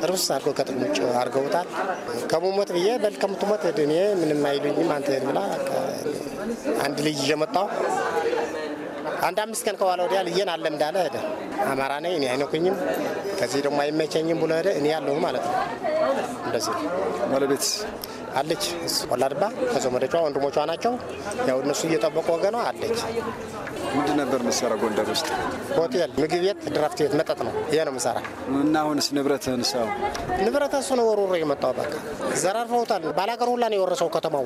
ጥርስ አድርገው ከጥቅም ውጭ አድርገውታል። ከሙሞት ብዬ በል ከምትሞት እኔ ምንም አይሉኝም አንተ ብላ አንድ ልጅ እየመጣው አንድ አምስት ቀን ከኋላ ወዲያ ልየን አለ እንዳለ ሄደ። አማራ ነኝ እኔ አይነኩኝም ከዚህ ደግሞ አይመቸኝም ብሎ ሄደ። እኔ ያለሁ ማለት ነው እንደዚህ ባለቤት አለች። ወላድባ ከዘመዶቿ ወንድሞቿ ናቸው። ያው እነሱ እየጠበቁ ወገኗ አለች። ምንድን ነበር ምሰራ ጎንደር ውስጥ? ሆቴል፣ ምግብ ቤት፣ ድራፍት ቤት፣ መጠጥ ነው። ይሄ ነው ምሰራ እና አሁንስ ንብረት ንሰው ንብረት እሱ ነው ወሮሮ የመጣው በቃ ዘራርፈውታል። ባላገር ሁላ ነው የወረሰው። ከተማው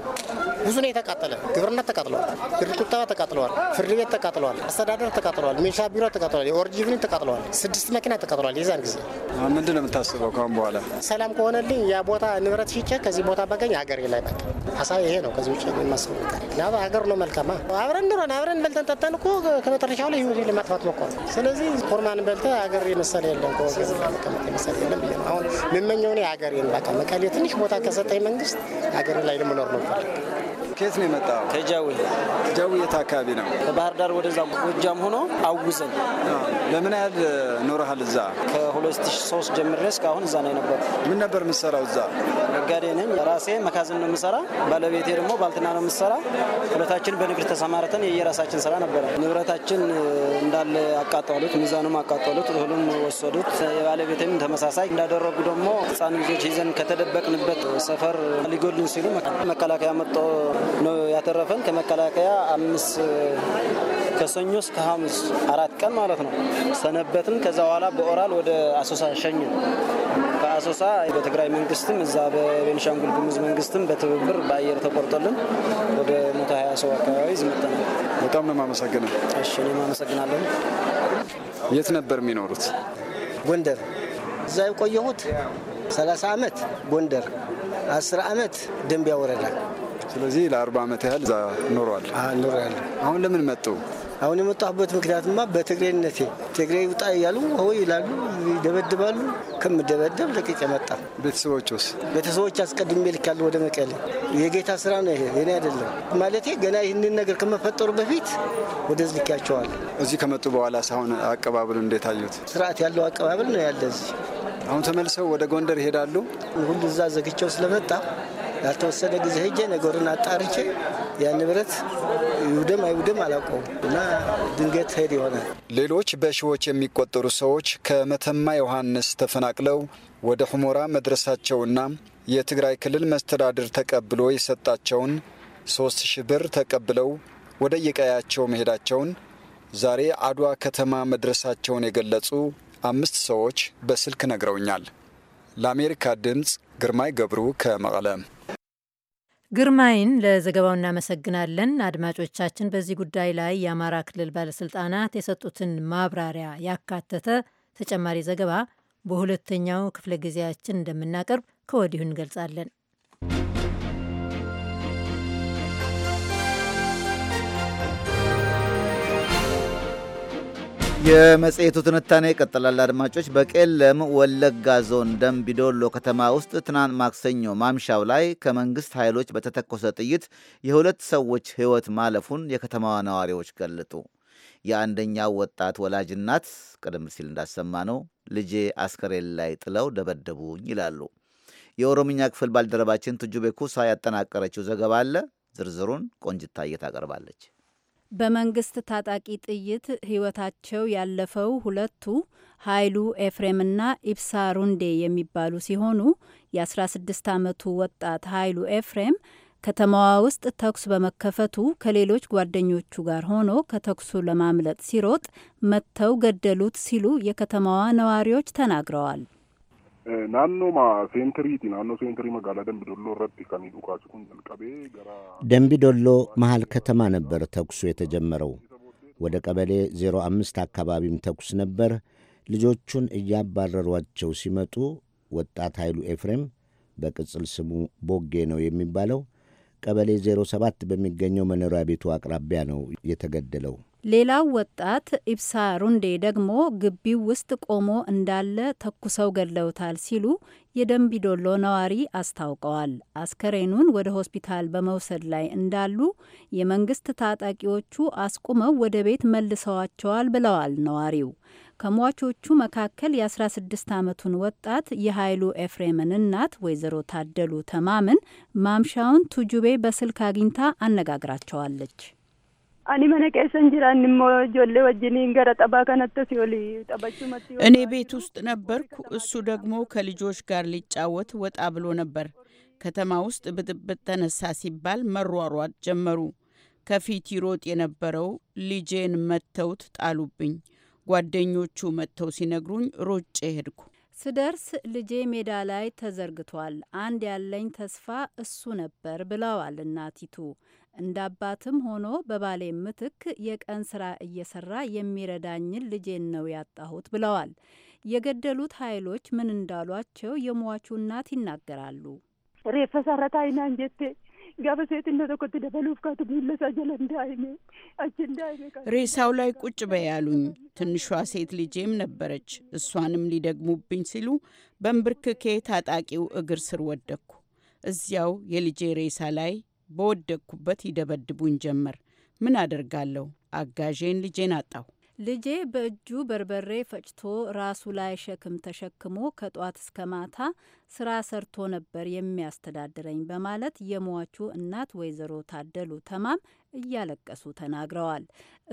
ብዙ ነው የተቃጠለ። ግብርነት ተቃጥለዋል፣ ብር ቁጠባ ተቃጥለዋል፣ ፍርድ ቤት ተቃጥለዋል፣ አስተዳደር ተቃጥለዋል፣ ሚሊሻ ቢሮ ተቃጥለዋል፣ የኦርጂቭኒ ተቃጥለዋል፣ ስድስት መኪና ተቃጥለዋል። የዛን ጊዜ ምንድን ነው የምታስበው? ካሁን በኋላ ሰላም ከሆነልኝ ያ ቦታ ንብረት ሽጬ ከዚህ ቦታ በገኝ የሀገሬ ላይ በቃ ሀሳብ ይሄ ነው። ከዚህ ውጭ የምንመስለው ነገር ለአብ ሀገር ነው መልካማ አብረን ኑረን አብረን በልተን ጠጠን እኮ ከመጨረሻው ላይ ህይወት ለማጥፋት ሞከሩ። ስለዚህ ኮርማን በልተ ሀገር የመሰለ የለም ከወገን መቀመጥ የመሰለ የለም ብዬ ነው አሁን የምመኘውን የሀገሬን በቃ መቀሌ ትንሽ ቦታ ከሰጠኝ መንግስት ሀገር ላይ ልምኖር ነው። ከየት ነው የመጣው? ከጃዊ። ጃዊ የት አካባቢ ነው? ከባህር ዳር ወደዛ ጎጃም ሆኖ አውዘን። ለምን ያህል ኖረሃል እዛ? ከ2003 ጀምሬ እስካሁን እዛ ነው የነበር። ምን ነበር የምሰራው እዛ? ነጋዴ ነኝ። ራሴ መካዝን ነው የምሰራ፣ ባለቤቴ ደግሞ ባልትና ነው የምሰራ። ሁለታችን በንግድ ተሰማርተን የየራሳችን ስራ ነበረ። ንብረታችን እንዳለ አቃጠሉት፣ ሚዛኑም አቃጠሉት፣ እህሉም ወሰዱት። የባለቤቴም ተመሳሳይ እንዳደረጉ ደግሞ ህፃን ልጆች ይዘን ከተደበቅንበት ሰፈር ሊጎልን ሲሉ መከላከያ መጦ ነው ያተረፈን ከመከላከያ አምስት ከሰኞ እስከ ሐሙስ አራት ቀን ማለት ነው ሰነበትን። ከዛ በኋላ በኦራል ወደ አሶሳ ሸኝ ከአሶሳ በትግራይ መንግስትም እዛ በቤንሻንጉል ጉሙዝ መንግስትም በትብብር በአየር ተቆርጦልን ወደ መቶ ሀያ ሰው አካባቢ ዝመጠናል። በጣም ነው የማመሰግነው። እሺ እኔም አመሰግናለሁ። የት ነበር የሚኖሩት? ጎንደር። እዛ የቆየሁት 30 ዓመት ጎንደር፣ 10 ዓመት ደንቢያ ወረዳ ስለዚህ ለአርባ ዓመት ያህል እዛ ኖሯል። ኖሯል። አሁን ለምን መጡ? አሁን የመጣሁበት ምክንያትማ በትግሬነቴ ትግሬ ውጣ እያሉ ሆይ ይላሉ፣ ይደበድባሉ። ከምደበደብ ለቅቄ መጣ። ቤተሰቦች ውስጥ ቤተሰቦች አስቀድሜ ልካለሁ ወደ መቀሌ። የጌታ ስራ ነው ይሄ፣ የኔ አይደለም ማለቴ። ገና ይህንን ነገር ከመፈጠሩ በፊት ወደዚህ ልኪያቸዋል። እዚህ ከመጡ በኋላ ሳሁን አቀባበሉ እንዴት አዩት? ስርዓት ያለው አቀባበል ነው ያለ እዚህ። አሁን ተመልሰው ወደ ጎንደር ይሄዳሉ። ሁሉ እዛ ዘግቸው ስለመጣ ያልተወሰደ ጊዜ ሄጄ ነገሩን አጣርቼ ያ ንብረት ይውደም አይውደም አላውቀውም እና ድንገት ሄድ ይሆናል። ሌሎች በሺዎች የሚቆጠሩ ሰዎች ከመተማ ዮሐንስ ተፈናቅለው ወደ ሁሞራ መድረሳቸውና የትግራይ ክልል መስተዳድር ተቀብሎ የሰጣቸውን ሶስት ሺህ ብር ተቀብለው ወደ የቀያቸው መሄዳቸውን ዛሬ አድዋ ከተማ መድረሳቸውን የገለጹ አምስት ሰዎች በስልክ ነግረውኛል። ለአሜሪካ ድምፅ ግርማይ ገብሩ ከመቐለ ግርማይን ለዘገባው እናመሰግናለን። አድማጮቻችን፣ በዚህ ጉዳይ ላይ የአማራ ክልል ባለስልጣናት የሰጡትን ማብራሪያ ያካተተ ተጨማሪ ዘገባ በሁለተኛው ክፍለ ጊዜያችን እንደምናቀርብ ከወዲሁ እንገልጻለን። የመጽሔቱ ትንታኔ ይቀጥላል። አድማጮች፣ በቄለም ወለጋ ዞን ደምቢዶሎ ከተማ ውስጥ ትናንት ማክሰኞ ማምሻው ላይ ከመንግሥት ኃይሎች በተተኮሰ ጥይት የሁለት ሰዎች ሕይወት ማለፉን የከተማዋ ነዋሪዎች ገለጡ። የአንደኛው ወጣት ወላጅ እናት ቀደም ሲል እንዳሰማ ነው ልጄ አስከሬን ላይ ጥለው ደበደቡኝ ይላሉ። የኦሮምኛ ክፍል ባልደረባችን ትጁቤ ኩሳ ያጠናቀረችው ዘገባ አለ። ዝርዝሩን ቆንጅታዬ ታቀርባለች። በመንግስት ታጣቂ ጥይት ህይወታቸው ያለፈው ሁለቱ ኃይሉ ኤፍሬምና ኢብሳ ሩንዴ የሚባሉ ሲሆኑ የ16 ዓመቱ ወጣት ኃይሉ ኤፍሬም ከተማዋ ውስጥ ተኩስ በመከፈቱ ከሌሎች ጓደኞቹ ጋር ሆኖ ከተኩሱ ለማምለጥ ሲሮጥ መጥተው ገደሉት ሲሉ የከተማዋ ነዋሪዎች ተናግረዋል። ናኖ seentiiriiti. Naannoo seentirii magaalaa Dambidolloo irratti kan dhukaasi kun ገራ ደንቢ ዶሎ መሃል ከተማ ነበር ተኩሱ የተጀመረው። ወደ ቀበሌ 05 አካባቢም ተኩስ ነበር። ልጆቹን እያባረሯቸው ሲመጡ ወጣት ኃይሉ ኤፍሬም በቅጽል ስሙ ቦጌ ነው የሚባለው ቀበሌ 07 በሚገኘው መኖሪያ ቤቱ አቅራቢያ ነው የተገደለው። ሌላው ወጣት ኢብሳ ሩንዴ ደግሞ ግቢው ውስጥ ቆሞ እንዳለ ተኩሰው ገድለውታል ሲሉ የደንቢዶሎ ነዋሪ አስታውቀዋል። አስከሬኑን ወደ ሆስፒታል በመውሰድ ላይ እንዳሉ የመንግስት ታጣቂዎቹ አስቁመው ወደ ቤት መልሰዋቸዋል ብለዋል ነዋሪው። ከሟቾቹ መካከል የ16 ዓመቱን ወጣት የኃይሉ ኤፍሬምን እናት ወይዘሮ ታደሉ ተማምን ማምሻውን ቱጁቤ በስልክ አግኝታ አነጋግራቸዋለች። ani mana keessa hin jiraanne immoo ijoollee wajjiniin gara xabaa kanattas oli xabachumatti እኔ ቤት ውስጥ ነበርኩ። እሱ ደግሞ ከልጆች ጋር ሊጫወት ወጣ ብሎ ነበር። ከተማ ውስጥ ብጥብጥ ተነሳ ሲባል መሯሯጥ ጀመሩ። ከፊት ይሮጥ የነበረው ልጄን መተውት ጣሉብኝ። ጓደኞቹ መጥተው ሲነግሩኝ ሮጬ ሄድኩ። ስደርስ ልጄ ሜዳ ላይ ተዘርግቷል። አንድ ያለኝ ተስፋ እሱ ነበር ብለዋል እናቲቱ። እንደ አባትም ሆኖ በባሌ ምትክ የቀን ስራ እየሰራ የሚረዳኝን ልጄን ነው ያጣሁት ብለዋል። የገደሉት ኃይሎች ምን እንዳሏቸው የሟቹ እናት ይናገራሉ። አይና እንጀቴ ሬሳው ላይ ቁጭ በያሉኝ ትንሿ ሴት ልጄም ነበረች። እሷንም ሊደግሙብኝ ሲሉ በንብርክኬ ታጣቂው እግር ስር ወደቅኩ። እዚያው የልጄ ሬሳ ላይ በወደቅኩበት ይደበድቡኝ ጀመር። ምን አደርጋለሁ? አጋዤን ልጄን አጣሁ። ልጄ በእጁ በርበሬ ፈጭቶ ራሱ ላይ ሸክም ተሸክሞ ከጧት እስከ ማታ ስራ ሰርቶ ነበር የሚያስተዳድረኝ በማለት የሟቹ እናት ወይዘሮ ታደሉ ተማም እያለቀሱ ተናግረዋል።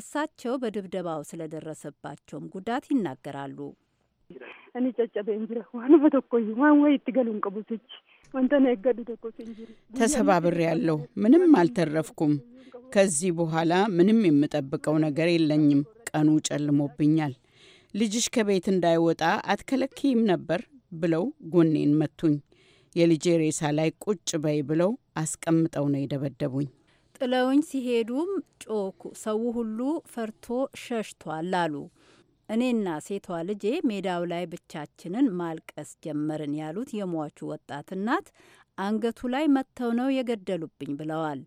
እሳቸው በድብደባው ስለደረሰባቸውም ጉዳት ይናገራሉ። እኔ ጨጨቤ እንጅረ ዋን በተኮይ ማን ወይ ትገሉን ቅቡስች ተሰባብሬ ያለው ምንም አልተረፍኩም። ከዚህ በኋላ ምንም የምጠብቀው ነገር የለኝም። ቀኑ ጨልሞብኛል። ልጅሽ ከቤት እንዳይወጣ አትከለክይም ነበር ብለው ጎኔን መቱኝ። የልጄ ሬሳ ላይ ቁጭ በይ ብለው አስቀምጠው ነው የደበደቡኝ። ጥለውኝ ሲሄዱም ጮኩ። ሰው ሁሉ ፈርቶ ሸሽቷል አሉ። እኔና ሴቷ ልጄ ሜዳው ላይ ብቻችንን ማልቀስ ጀመርን ያሉት የሟቹ ወጣት እናት አንገቱ ላይ መጥተው ነው የገደሉብኝ ብለዋል።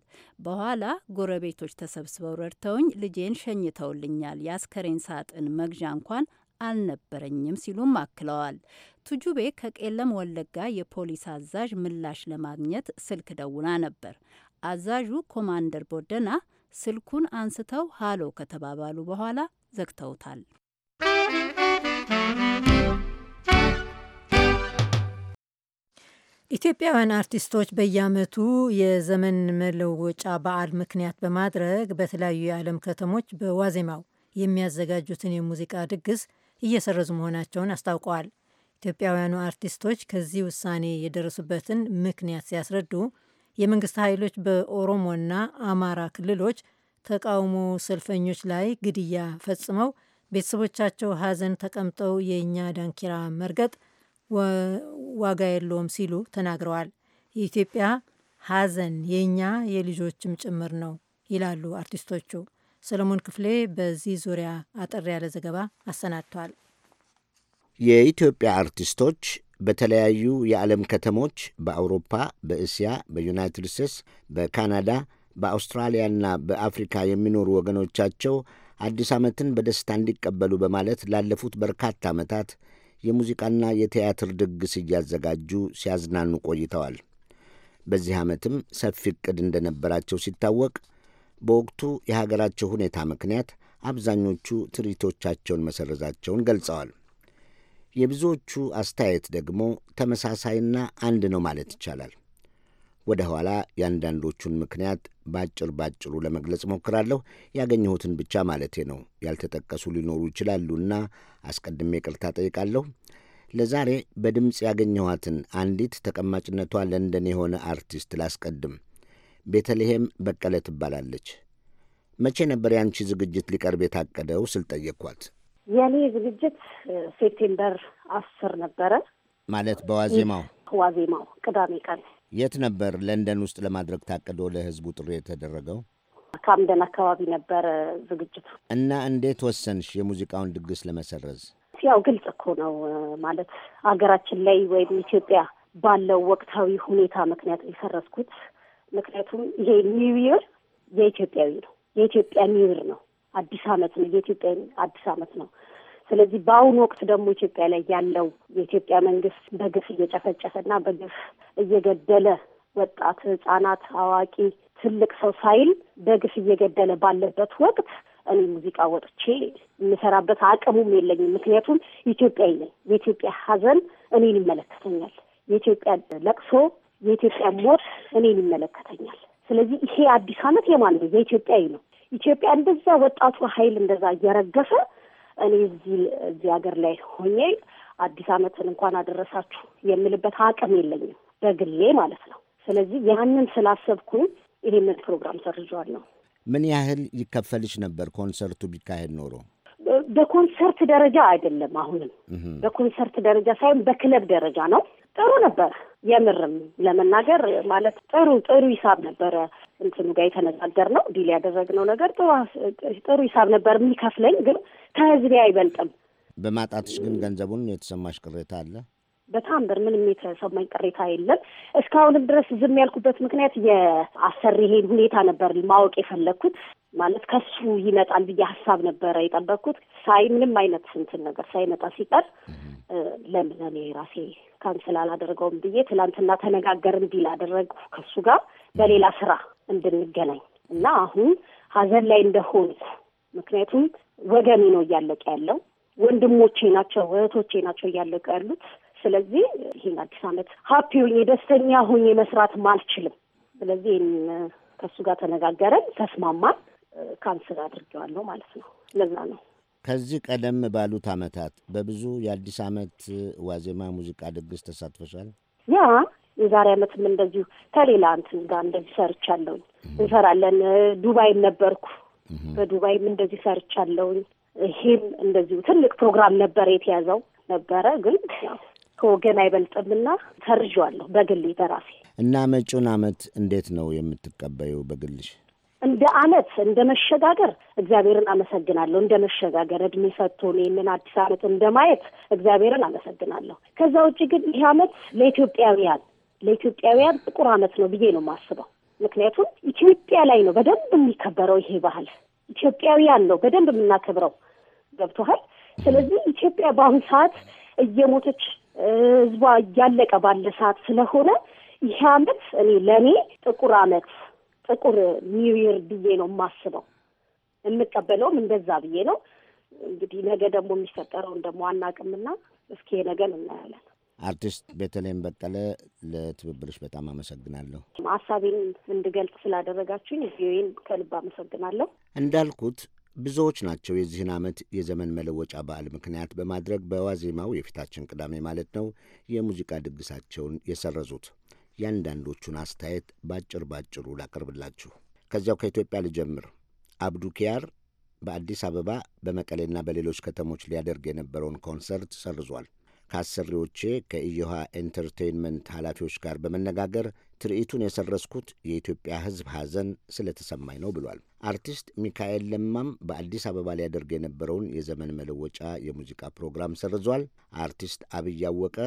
በኋላ ጎረቤቶች ተሰብስበው ረድተውኝ ልጄን ሸኝተውልኛል። የአስከሬን ሳጥን መግዣ እንኳን አልነበረኝም ሲሉም አክለዋል። ቱጁቤ ከቄለም ወለጋ የፖሊስ አዛዥ ምላሽ ለማግኘት ስልክ ደውላ ነበር። አዛዡ ኮማንደር ቦደና ስልኩን አንስተው ሃሎ ከተባባሉ በኋላ ዘግተውታል። ኢትዮጵያውያን አርቲስቶች በየዓመቱ የዘመን መለወጫ በዓል ምክንያት በማድረግ በተለያዩ የዓለም ከተሞች በዋዜማው የሚያዘጋጁትን የሙዚቃ ድግስ እየሰረዙ መሆናቸውን አስታውቀዋል። ኢትዮጵያውያኑ አርቲስቶች ከዚህ ውሳኔ የደረሱበትን ምክንያት ሲያስረዱ የመንግስት ኃይሎች በኦሮሞና አማራ ክልሎች ተቃውሞ ሰልፈኞች ላይ ግድያ ፈጽመው ቤተሰቦቻቸው ሀዘን ተቀምጠው የእኛ ዳንኪራ መርገጥ ዋጋ የለውም ሲሉ ተናግረዋል። የኢትዮጵያ ሀዘን የእኛ የልጆችም ጭምር ነው ይላሉ አርቲስቶቹ። ሰለሞን ክፍሌ በዚህ ዙሪያ አጠር ያለ ዘገባ አሰናድተዋል። የኢትዮጵያ አርቲስቶች በተለያዩ የዓለም ከተሞች በአውሮፓ፣ በእስያ፣ በዩናይትድ ስቴትስ፣ በካናዳ፣ በአውስትራሊያና በአፍሪካ የሚኖሩ ወገኖቻቸው አዲስ ዓመትን በደስታ እንዲቀበሉ በማለት ላለፉት በርካታ ዓመታት የሙዚቃና የቲያትር ድግስ እያዘጋጁ ሲያዝናኑ ቆይተዋል። በዚህ ዓመትም ሰፊ ዕቅድ እንደነበራቸው ሲታወቅ በወቅቱ የሀገራቸው ሁኔታ ምክንያት አብዛኞቹ ትርኢቶቻቸውን መሰረዛቸውን ገልጸዋል። የብዙዎቹ አስተያየት ደግሞ ተመሳሳይና አንድ ነው ማለት ይቻላል። ወደ ኋላ የአንዳንዶቹን ምክንያት ባጭር ባጭሩ ለመግለጽ ሞክራለሁ። ያገኘሁትን ብቻ ማለቴ ነው። ያልተጠቀሱ ሊኖሩ ይችላሉና አስቀድሜ ቅርታ ጠይቃለሁ። ለዛሬ በድምፅ ያገኘኋትን አንዲት ተቀማጭነቷ ለንደን የሆነ አርቲስት ላስቀድም። ቤተልሔም በቀለ ትባላለች። መቼ ነበር የአንቺ ዝግጅት ሊቀርብ የታቀደው ስል ጠየቅኳት። የእኔ ዝግጅት ሴፕቴምበር አስር ነበረ ማለት በዋዜማው ዋዜማው ቅዳሜ ቀን የት ነበር ለንደን ውስጥ ለማድረግ ታቅዶ ለህዝቡ ጥሪ የተደረገው? ካምደን አካባቢ ነበር ዝግጅቱ። እና እንዴት ወሰንሽ የሙዚቃውን ድግስ ለመሰረዝ? ያው ግልጽ እኮ ነው ማለት ሀገራችን ላይ ወይም ኢትዮጵያ ባለው ወቅታዊ ሁኔታ ምክንያት የሰረዝኩት። ምክንያቱም ይሄ ኒው ይር የኢትዮጵያዊ ነው፣ የኢትዮጵያ ኒው ይር ነው። አዲስ አመት ነው፣ የኢትዮጵያ አዲስ ዓመት ነው። ስለዚህ በአሁኑ ወቅት ደግሞ ኢትዮጵያ ላይ ያለው የኢትዮጵያ መንግስት በግፍ እየጨፈጨፈና በግፍ እየገደለ ወጣት፣ ህጻናት፣ አዋቂ፣ ትልቅ ሰው ሳይል በግፍ እየገደለ ባለበት ወቅት እኔ ሙዚቃ ወጥቼ የምሰራበት አቅሙም የለኝም። ምክንያቱም ኢትዮጵያዊ ነኝ። የኢትዮጵያ ሀዘን እኔን ይመለከተኛል። የኢትዮጵያ ለቅሶ፣ የኢትዮጵያ ሞት እኔን ይመለከተኛል። ስለዚህ ይሄ አዲስ ዓመት የማን ነው? የኢትዮጵያዊ ነው። ኢትዮጵያ እንደዛ ወጣቱ ኃይል እንደዛ እየረገፈ እኔ እዚህ እዚህ ሀገር ላይ ሆኜ አዲስ ዓመትን እንኳን አደረሳችሁ የምልበት አቅም የለኝም በግሌ ማለት ነው። ስለዚህ ያንን ስላሰብኩኝ ይሄንን ፕሮግራም ሰርጇል ነው። ምን ያህል ይከፈልሽ ነበር ኮንሰርቱ ቢካሄድ ኖሮ? በኮንሰርት ደረጃ አይደለም። አሁንም በኮንሰርት ደረጃ ሳይሆን በክለብ ደረጃ ነው። ጥሩ ነበረ። የምርም ለመናገር ማለት ጥሩ ጥሩ ሂሳብ ነበረ። እንትኑ ጋር የተነጋገር ነው ዲል ያደረግነው ነገር ጥሩ ጥሩ ሂሳብ ነበር የሚከፍለኝ ግን ከህዝቤ አይበልጥም። በማጣትሽ ግን ገንዘቡን የተሰማሽ ቅሬታ አለ? በጣም ምንም የተሰማኝ ቅሬታ የለም። እስካሁንም ድረስ ዝም ያልኩበት ምክንያት የአሰሪ ይሄን ሁኔታ ነበር ማወቅ የፈለግኩት። ማለት ከሱ ይመጣል ብዬ ሀሳብ ነበረ የጠበቅኩት። ሳይ ምንም አይነት ስንትን ነገር ሳይመጣ ሲቀር ለምን እኔ ራሴ ካንስል አላደርገውም ብዬ ትናንትና ተነጋገርን ቢል አደረግኩ ከሱ ጋር በሌላ ስራ እንድንገናኝ እና አሁን ሀዘን ላይ እንደሆንኩ ምክንያቱም ወገኔ ነው እያለቀ ያለው፣ ወንድሞቼ ናቸው፣ እህቶቼ ናቸው እያለቀ ያሉት። ስለዚህ ይህን አዲስ አመት ሀፒ ሆኜ ደስተኛ ሆኜ መስራት ማልችልም። ስለዚህ ይህን ከእሱ ጋር ተነጋገረን፣ ተስማማን፣ ካንስል አድርጌዋለሁ ማለት ነው። ለዛ ነው ከዚህ ቀደም ባሉት አመታት በብዙ የአዲስ አመት ዋዜማ ሙዚቃ ድግስ ተሳትፈሻል? ያ የዛሬ አመትም እንደዚሁ ከሌላ እንትን ጋር እንደዚህ ሰርቻለሁ። እንሰራለን። ዱባይም ነበርኩ Mm-hmm. በዱባይም እንደዚህ ሰርቻለሁ። ይሄም እንደዚሁ ትልቅ ፕሮግራም ነበር የተያዘው ነበረ ግን ከወገን አይበልጥምና ተርዣዋለሁ በግሌ በራሴ እና መጪውን አመት እንዴት ነው የምትቀበዩ በግልሽ? እንደ አመት እንደ መሸጋገር እግዚአብሔርን አመሰግናለሁ። እንደ መሸጋገር እድሜ ሰጥቶ ይህንን አዲስ አመት እንደ ማየት እግዚአብሔርን አመሰግናለሁ። ከዛ ውጭ ግን ይህ አመት ለኢትዮጵያውያን ለኢትዮጵያውያን ጥቁር አመት ነው ብዬ ነው የማስበው። ምክንያቱም ኢትዮጵያ ላይ ነው በደንብ የሚከበረው ይሄ ባህል። ኢትዮጵያውያን ነው በደንብ የምናከብረው። ገብቶሃል? ስለዚህ ኢትዮጵያ በአሁኑ ሰዓት እየሞተች ህዝቧ እያለቀ ባለ ሰዓት ስለሆነ ይሄ አመት እኔ ለእኔ ጥቁር አመት ጥቁር ኒው ብዬ ነው የማስበው። የምቀበለውም እንደዛ ብዬ ነው። እንግዲህ ነገ ደግሞ የሚፈጠረውን ደግሞ አናቅምና እስኪ ነገን እናያለን። አርቲስት ቤተልሔም በቀለ ለትብብርሽ በጣም አመሰግናለሁ። ሀሳቤን እንድገልጽ ስላደረጋችሁኝ ቪኦኤን ከልብ አመሰግናለሁ። እንዳልኩት ብዙዎች ናቸው የዚህን ዓመት የዘመን መለወጫ በዓል ምክንያት በማድረግ በዋዜማው የፊታችን ቅዳሜ ማለት ነው የሙዚቃ ድግሳቸውን የሰረዙት። ያንዳንዶቹን አስተያየት ባጭር ባጭሩ ላቀርብላችሁ። ከዚያው ከኢትዮጵያ ልጀምር። አብዱ ኪያር በአዲስ አበባ በመቀሌና በሌሎች ከተሞች ሊያደርግ የነበረውን ኮንሰርት ሰርዟል። ከአሰሪዎቼ ከኢዮሃ ኤንተርቴይንመንት ኃላፊዎች ጋር በመነጋገር ትርኢቱን የሰረዝኩት የኢትዮጵያ ሕዝብ ሐዘን ስለተሰማኝ ነው ብሏል። አርቲስት ሚካኤል ለማም በአዲስ አበባ ሊያደርግ የነበረውን የዘመን መለወጫ የሙዚቃ ፕሮግራም ሰርዟል። አርቲስት አብይ አወቀ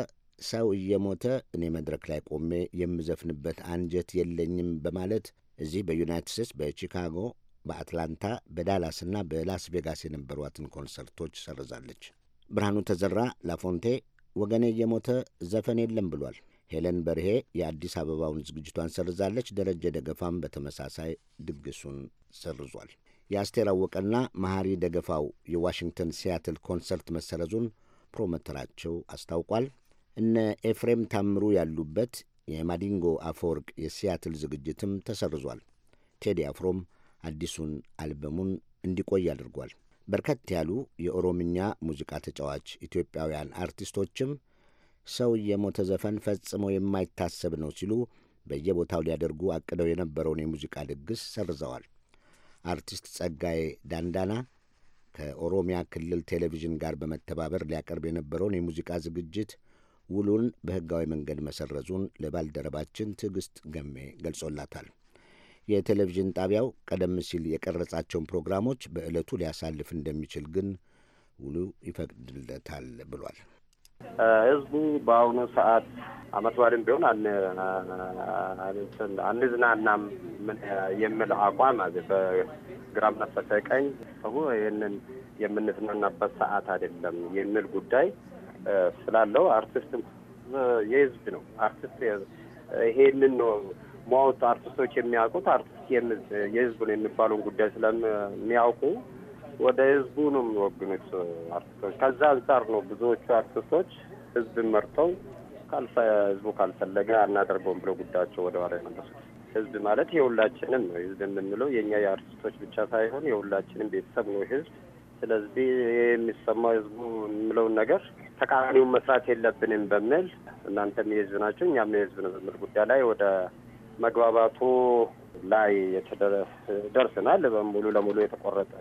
ሰው እየሞተ እኔ መድረክ ላይ ቆሜ የምዘፍንበት አንጀት የለኝም በማለት እዚህ በዩናይትድ ስቴትስ በቺካጎ፣ በአትላንታ፣ በዳላስና በላስ ቬጋስ የነበሯትን ኮንሰርቶች ሰርዛለች። ብርሃኑ ተዘራ ላፎንቴ ወገኔ እየሞተ ዘፈን የለም ብሏል። ሄለን በርሄ የአዲስ አበባውን ዝግጅቷን ሰርዛለች። ደረጀ ደገፋም በተመሳሳይ ድግሱን ሰርዟል። የአስቴር አወቀና መሐሪ ደገፋው የዋሽንግተን ሲያትል ኮንሰርት መሰረዙን ፕሮሞተራቸው አስታውቋል። እነ ኤፍሬም ታምሩ ያሉበት የማዲንጎ አፈወርቅ የሲያትል ዝግጅትም ተሰርዟል። ቴዲ አፍሮም አዲሱን አልበሙን እንዲቆይ አድርጓል። በርከት ያሉ የኦሮምኛ ሙዚቃ ተጫዋች ኢትዮጵያውያን አርቲስቶችም ሰው የሞተ ዘፈን ፈጽሞ የማይታሰብ ነው ሲሉ በየቦታው ሊያደርጉ አቅደው የነበረውን የሙዚቃ ድግስ ሰርዘዋል። አርቲስት ጸጋዬ ዳንዳና ከኦሮሚያ ክልል ቴሌቪዥን ጋር በመተባበር ሊያቀርብ የነበረውን የሙዚቃ ዝግጅት ውሉን በሕጋዊ መንገድ መሰረዙን ለባልደረባችን ትዕግስት ገሜ ገልጾላታል። የቴሌቪዥን ጣቢያው ቀደም ሲል የቀረጻቸውን ፕሮግራሞች በዕለቱ ሊያሳልፍ እንደሚችል ግን ውሉ ይፈቅድለታል ብሏል። ህዝቡ በአሁኑ ሰዓት አመት በዓልም ቢሆን አንዝናናም የሚል አቋም አ በግራም ነፈሰ ቀኝ ሰው ይህንን የምንዝናናበት ሰዓት አይደለም የሚል ጉዳይ ስላለው አርቲስት የህዝብ ነው። አርቲስት ይሄንን ነው ማወት አርቲስቶች የሚያውቁት አርቲስት የህዝቡን የሚባለውን ጉዳይ ስለሚያውቁ ወደ ህዝቡ ነው የሚወግኑት አርቲስቶች። ከዛ አንጻር ነው ብዙዎቹ አርቲስቶች ህዝብን መርተው ህዝቡ ካልፈለገ አናደርገውም ብለው ጉዳያቸው ወደ ኋላ የመለሱት። ህዝብ ማለት የሁላችንም ነው። ህዝብ የምንለው የእኛ የአርቲስቶች ብቻ ሳይሆን የሁላችንም ቤተሰብ ነው ህዝብ። ስለዚህ ይህ የሚሰማው ህዝቡ የምለውን ነገር ተቃራኒውን መስራት የለብንም በሚል እናንተም የህዝብ ናቸው እኛም የህዝብ ነው በሚል ጉዳይ ላይ ወደ መግባባቱ ላይ ደርሰናል። ሙሉ ለሙሉ የተቆረጠ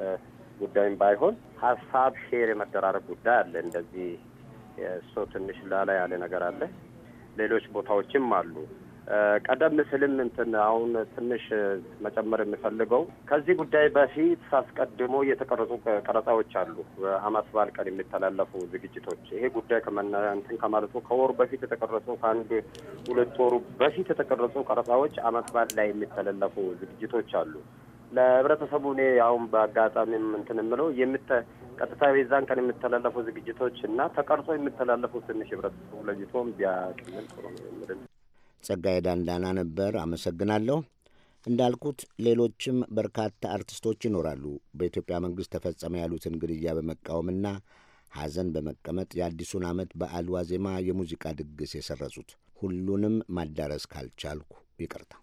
ጉዳይም ባይሆን ሀሳብ ሼር የመደራረብ ጉዳይ አለ። እንደዚህ እሱ ትንሽ ላላ ያለ ነገር አለ። ሌሎች ቦታዎችም አሉ። ቀደም ስልም እንትን አሁን ትንሽ መጨመር የምፈልገው ከዚህ ጉዳይ በፊት አስቀድሞ የተቀረጹ ቀረጻዎች አሉ። ሀማስ በዓል ቀን የሚተላለፉ ዝግጅቶች ይሄ ጉዳይ እንትን ከማለቱ ከወሩ በፊት የተቀረጹ ከአንድ ሁለት ወሩ በፊት የተቀረጹ ቀረጻዎች አመት በዓል ላይ የሚተላለፉ ዝግጅቶች አሉ። ለህብረተሰቡ እኔ አሁን በአጋጣሚም እንትን የምለው የምተ ቀጥታ የዛን ቀን የሚተላለፉ ዝግጅቶች እና ተቀርጾ የሚተላለፉ ትንሽ ህብረተሰቡ ለይቶም ቢያቅልል ጥሩ ነው የምልህ ጸጋዬ ዳንዳና ነበር። አመሰግናለሁ። እንዳልኩት ሌሎችም በርካታ አርቲስቶች ይኖራሉ። በኢትዮጵያ መንግሥት ተፈጸመ ያሉትን ግድያ በመቃወምና ሐዘን በመቀመጥ የአዲሱን ዓመት በዓል ዋዜማ የሙዚቃ ድግስ የሰረጹት። ሁሉንም ማዳረስ ካልቻልኩ ይቅርታ።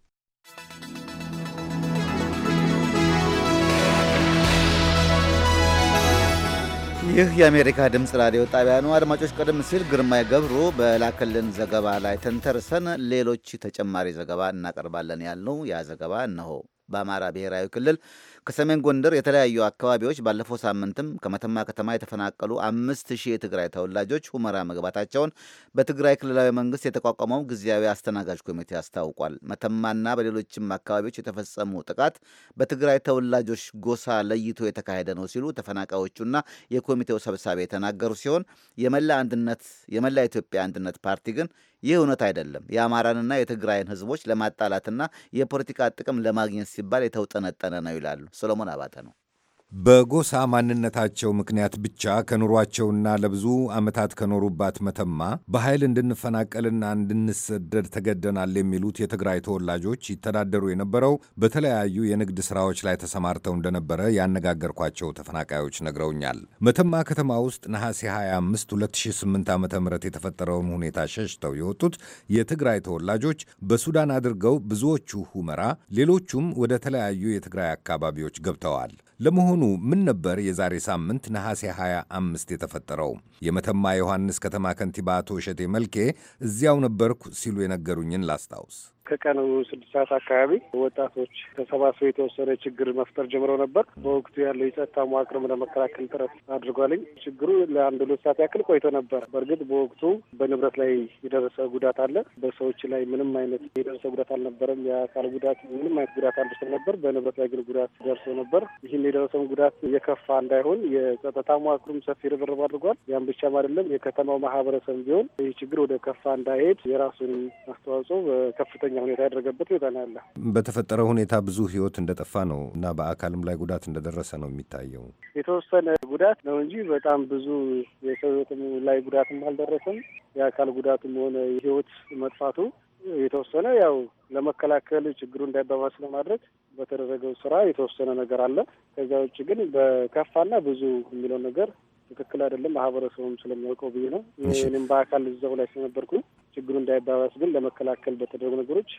ይህ የአሜሪካ ድምፅ ራዲዮ ጣቢያ ነው። አድማጮች፣ ቀደም ሲል ግርማይ ገብሩ በላከልን ዘገባ ላይ ተንተርሰን ሌሎች ተጨማሪ ዘገባ እናቀርባለን ያልነው ያ ዘገባ እነሆ። በአማራ ብሔራዊ ክልል ከሰሜን ጎንደር የተለያዩ አካባቢዎች ባለፈው ሳምንትም ከመተማ ከተማ የተፈናቀሉ አምስት ሺህ የትግራይ ተወላጆች ሁመራ መግባታቸውን በትግራይ ክልላዊ መንግስት የተቋቋመው ጊዜያዊ አስተናጋጅ ኮሚቴ አስታውቋል። መተማና በሌሎችም አካባቢዎች የተፈጸሙ ጥቃት በትግራይ ተወላጆች ጎሳ ለይቶ የተካሄደ ነው ሲሉ ተፈናቃዮቹና የኮሚቴው ሰብሳቢ የተናገሩ ሲሆን የመላ አንድነት የመላ ኢትዮጵያ አንድነት ፓርቲ ግን ይህ እውነት አይደለም፣ የአማራንና የትግራይን ህዝቦች ለማጣላትና የፖለቲካ ጥቅም ለማግኘት ሲባል የተውጠነጠነ ነው ይላሉ። ሰሎሞን አባተ ነው። በጎሳ ማንነታቸው ምክንያት ብቻ ከኑሯቸውና ለብዙ ዓመታት ከኖሩባት መተማ በኃይል እንድንፈናቀልና እንድንሰደድ ተገደናል የሚሉት የትግራይ ተወላጆች ይተዳደሩ የነበረው በተለያዩ የንግድ ሥራዎች ላይ ተሰማርተው እንደነበረ ያነጋገርኳቸው ተፈናቃዮች ነግረውኛል። መተማ ከተማ ውስጥ ነሐሴ 25 2008 ዓ ም የተፈጠረውን ሁኔታ ሸሽተው የወጡት የትግራይ ተወላጆች በሱዳን አድርገው ብዙዎቹ ሁመራ፣ ሌሎቹም ወደ ተለያዩ የትግራይ አካባቢዎች ገብተዋል። ለመሆኑ ምን ነበር የዛሬ ሳምንት ነሐሴ 25 የተፈጠረው? የመተማ ዮሐንስ ከተማ ከንቲባ አቶ እሸቴ መልኬ እዚያው ነበርኩ ሲሉ የነገሩኝን ላስታውስ። ከቀኑ ስድስት ሰዓት አካባቢ ወጣቶች ተሰባስበው የተወሰነ ችግር መፍጠር ጀምረው ነበር። በወቅቱ ያለው የጸጥታ መዋቅርም ለመከላከል ጥረት አድርጓልኝ። ችግሩ ለአንድ ሁለት ሰዓት ያክል ቆይቶ ነበር። በእርግጥ በወቅቱ በንብረት ላይ የደረሰ ጉዳት አለ። በሰዎች ላይ ምንም አይነት የደረሰ ጉዳት አልነበረም። የአካል ጉዳት ምንም አይነት ጉዳት አልደረሰም ነበር። በንብረት ላይ ግን ጉዳት ደርሶ ነበር። ይህን የደረሰውን ጉዳት የከፋ እንዳይሆን የጸጥታ መዋቅሩም ሰፊ ርብርብ አድርጓል። ያም ብቻም አይደለም የከተማው ማህበረሰብ ቢሆን ይህ ችግር ወደ ከፋ እንዳይሄድ የራሱን አስተዋጽኦ በከፍተኛ ከፍተኛ ሁኔታ ያደረገበት ሁኔታ ነው ያለ። በተፈጠረ ሁኔታ ብዙ ህይወት እንደጠፋ ነው እና በአካልም ላይ ጉዳት እንደደረሰ ነው የሚታየው። የተወሰነ ጉዳት ነው እንጂ በጣም ብዙ የሰው ህይወትም ላይ ጉዳትም አልደረሰም። የአካል ጉዳትም ሆነ ህይወት መጥፋቱ የተወሰነ ያው ለመከላከል ችግሩ እንዳይባባስ ለማድረግ በተደረገው ስራ የተወሰነ ነገር አለ። ከዚያ ውጭ ግን በከፋና ብዙ የሚለው ነገር ትክክል አይደለም። ማህበረሰቡም ስለሚያውቀው ብዬ ነው። እኔም በአካል እዛው ላይ ስለነበርኩኝ ችግሩ እንዳይባባስ ግን ለመከላከል በተደረጉ ነገሮች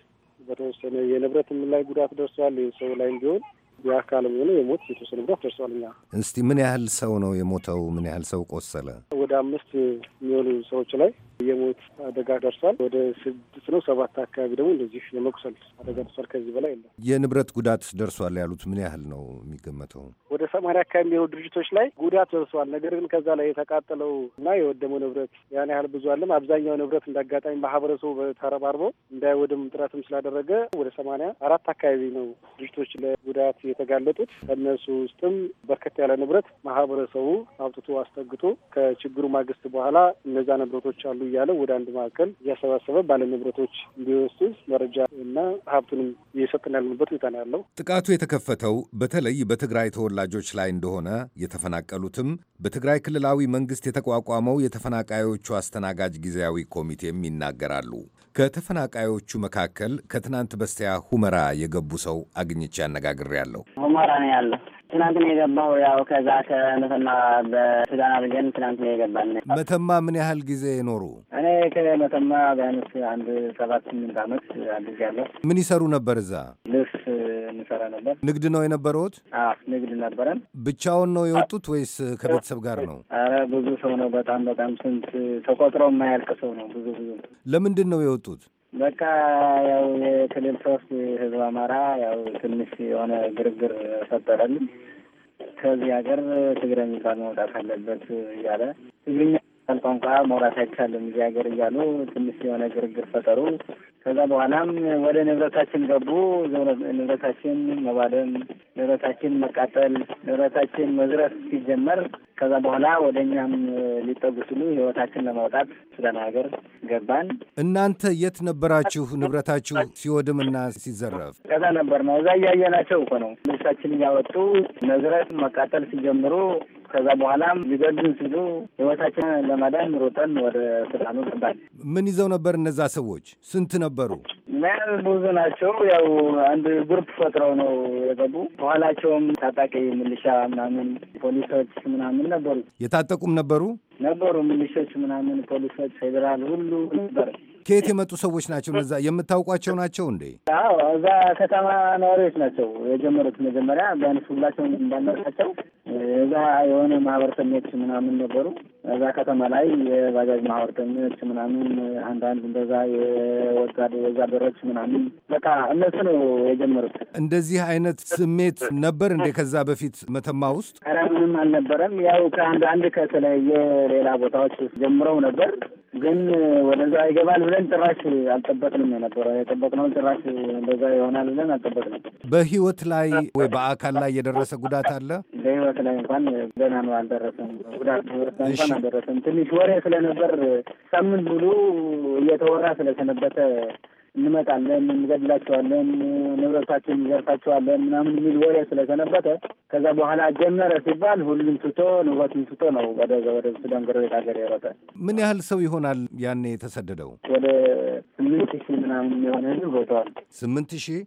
በተወሰነ የንብረትም ላይ ጉዳት ደርሰዋል። ሰው ላይ ቢሆን የአካልም ሆነ የሞት የተወሰነ ጉዳት ደርሰዋል። እኛ እስቲ ምን ያህል ሰው ነው የሞተው? ምን ያህል ሰው ቆሰለ? ወደ አምስት የሚሆኑ ሰዎች ላይ የሞት አደጋ ደርሷል። ወደ ስድስት ነው ሰባት አካባቢ ደግሞ እንደዚህ የመቁሰል አደጋ ደርሷል። ከዚህ በላይ የለም። የንብረት ጉዳት ደርሷል ያሉት ምን ያህል ነው የሚገመተው? ወደ ሰማንያ አካባቢ የሚሆኑ ድርጅቶች ላይ ጉዳት ደርሷል። ነገር ግን ከዛ ላይ የተቃጠለው እና የወደመው ንብረት ያን ያህል ብዙ አለም። አብዛኛው ንብረት እንዳጋጣሚ ማህበረሰቡ በተረባርበው እንዳይወድም ጥረትም ስላደረገ ወደ ሰማንያ አራት አካባቢ ነው ድርጅቶች ለጉዳት የተጋለጡት። ከእነሱ ውስጥም በርከት ያለ ንብረት ማህበረሰቡ አውጥቶ አስጠግቶ ከችግሩ ማግስት በኋላ እነዛ ንብረቶች አሉ እያለ ወደ አንድ ማዕከል እያሰባሰበ ባለንብረቶች እንዲወስድ መረጃ እና ሀብቱንም እየሰጠን ያለንበት ሁኔታ ነው ያለው። ጥቃቱ የተከፈተው በተለይ በትግራይ ተወላጆች ላይ እንደሆነ የተፈናቀሉትም በትግራይ ክልላዊ መንግስት የተቋቋመው የተፈናቃዮቹ አስተናጋጅ ጊዜያዊ ኮሚቴም ይናገራሉ። ከተፈናቃዮቹ መካከል ከትናንት በስቲያ ሁመራ የገቡ ሰው አግኝቼ አነጋግሬያለሁ። ሁመራ ነው ያለው ትናንትና የገባው ያው ከዛ ከመተማ በሱዳን አድርገን ትናንትና የገባን። መተማ ምን ያህል ጊዜ ኖሩ? እኔ ከመተማ ቢያንስ አንድ ሰባት ስምንት ዓመት አዲስ ያለሁ። ምን ይሰሩ ነበር እዛ? ልብስ እንሰራ ነበር። ንግድ ነው የነበረውት? ንግድ ነበረን። ብቻውን ነው የወጡት ወይስ ከቤተሰብ ጋር ነው? አረ ብዙ ሰው ነው። በጣም በጣም ስንት ተቆጥሮ የማያልቅ ሰው ነው። ብዙ ብዙ። ለምንድን ነው የወጡት? በቃ ያው የክልል ሶስት ህዝብ አማራ ያው ትንሽ የሆነ ግርግር ፈጠረልን። ከዚህ ሀገር ትግረ የሚባል መውጣት አለበት እያለ ትግርኛ ቋንቋ መውራት አይቻልም እዚህ ሀገር እያሉ ትንሽ የሆነ ግርግር ፈጠሩ። ከዛ በኋላም ወደ ንብረታችን ገቡ። ንብረታችን መባደም፣ ንብረታችን መቃጠል፣ ንብረታችን መዝረፍ ሲጀመር ከዛ በኋላ ወደ እኛም ሊጠጉ ሲሉ ህይወታችን ለማውጣት ሱዳን ሀገር ገባን። እናንተ የት ነበራችሁ? ንብረታችሁ ሲወድምና ሲዘረፍ ከዛ ነበር ነው። እዛ እያየናቸው እኮ ነው ልብሳችን እያወጡ መዝረፍ መቃጠል ሲጀምሩ ከዛ በኋላም ሊገዱ ሲሉ ህይወታችን ለማዳን ሮጠን ወደ ስልጣኑ ገባን። ምን ይዘው ነበር እነዛ ሰዎች? ስንት ነበሩ? ምን ብዙ ናቸው። ያው አንድ ግሩፕ ፈጥረው ነው የገቡ። በኋላቸውም ታጣቂ ሚሊሻ ምናምን ፖሊሶች ምናምን ነበሩ። የታጠቁም ነበሩ ነበሩ ሚሊሾች ምናምን ፖሊሶች፣ ፌዴራል ሁሉ ነበር። ከየት የመጡ ሰዎች ናቸው? እዛ የምታውቋቸው ናቸው እንዴ? አዎ፣ እዛ ከተማ ነዋሪዎች ናቸው የጀመሩት። መጀመሪያ በንስ ሁላቸው እንዳናቃቸው እዛ የሆነ ማህበርተኞች ምናምን ነበሩ። እዛ ከተማ ላይ የባጃጅ ማህበርተኞች ምናምን፣ አንዳንድ እንደዛ የወዛደሮች ምናምን፣ በቃ እነሱ ነው የጀመሩት። እንደዚህ አይነት ስሜት ነበር እንዴ ከዛ በፊት መተማ ውስጥ? ኧረ ምንም አልነበረም። ያው ከአንዳንድ ከተለያየ ሌላ ቦታዎች ጀምረው ነበር ግን ወደዛ ይገባል ብለን ጭራሽ አልጠበቅንም የነበረ የጠበቅነውን ጭራሽ እንደዛ ይሆናል ብለን አልጠበቅንም። በህይወት ላይ ወይ በአካል ላይ የደረሰ ጉዳት አለ? በህይወት ላይ እንኳን ገና ነው አልደረሰም። ጉዳት ደረሰ እንኳን አልደረሰም። ትንሽ ወሬ ስለነበር ሳምንት ሙሉ እየተወራ ስለሰነበተ እንመጣለን፣ እንገድላቸዋለን፣ ንብረታችን እንዘርፋቸዋለን ምናምን የሚል ወሬ ስለሰነበተ ከዛ በኋላ ጀመረ ሲባል ሁሉም ትቶ ንብረቱን ትቶ ነው ወደ ወደ ሱዳን ጎረቤት ሀገር የሮጠ። ምን ያህል ሰው ይሆናል ያኔ የተሰደደው? ወደ ስምንት ሺህ ምናምን የሆነ ህዝብ ቦተዋል። ስምንት ሺህ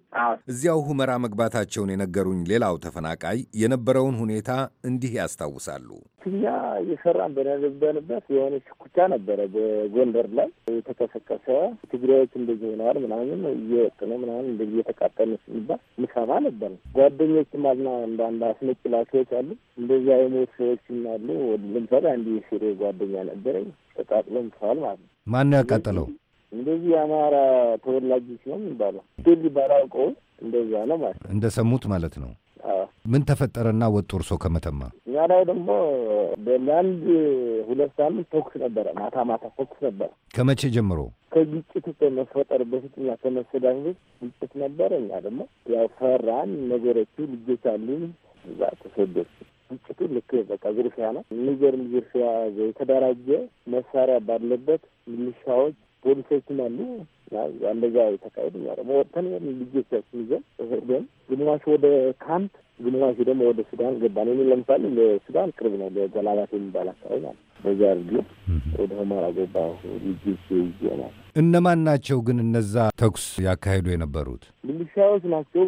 እዚያው ሁመራ መግባታቸውን የነገሩኝ ሌላው ተፈናቃይ የነበረውን ሁኔታ እንዲህ ያስታውሳሉ። እኛ እየሰራን በነበንበት የሆነ ሽኩቻ ነበረ በጎንደር ላይ የተቀሰቀሰ ትግራዮች እንደዚህ ሆነዋል ነበር ምናምን ነው ምናምን እንደዚህ እየተቃጠልን ሲባል ምሰባ ነበር። ጓደኞችም አልና አንዳንድ አስመጭ ሰዎች አሉ፣ እንደዚህ የሞት ሰዎች አሉ። ለምሳሌ አንድ የሴሬ ጓደኛ ነበረኝ፣ ተቃጥሎ ምሰዋል ማለት ነው። ማን ነው ያቃጠለው? እንደዚህ የአማራ ተወላጅ ሲሆን ይባላል። ቴሊ ባላውቀው እንደዛ ነው ማለት እንደ ሰሙት ማለት ነው። ምን ተፈጠረና ወጡ እርሶ ከመተማ? እኛ ላይ ደግሞ በሚያንድ ሁለት ሳምንት ተኩስ ነበረ። ማታ ማታ ተኩስ ነበረ። ከመቼ ጀምሮ? ከግጭቱ ከመፈጠር በፊት እኛ ከመሰዳት በፊት ግጭት ነበረ። እኛ ደግሞ ያው ፈራን። ነገሮቹ ልጆች አሉን እዛ ተሰደሱ። ግጭቱ ልክ በቃ ዝርፊያ ነው። የሚገርም ዝርፊያ የተደራጀ መሳሪያ ባለበት ሚሊሻዎች ፖሊሶችም አሉ። እንደዛ የተካሄዱ እኛ ደግሞ ወጥተን ልጆቻችን ይዘን ሄደን ግማሽ ወደ ካምፕ፣ ግማሽ ደግሞ ወደ ሱዳን ገባን። እኔ ለምሳሌ ለሱዳን ቅርብ ነው፣ ለገላባት የሚባል አካባቢ ማለት በዛ ርግ ወደ ሁመራ ገባ ልጆች ይዤ ማለት። እነማን ናቸው ግን እነዛ ተኩስ ያካሄዱ የነበሩት? ሚሊሻዎች ናቸው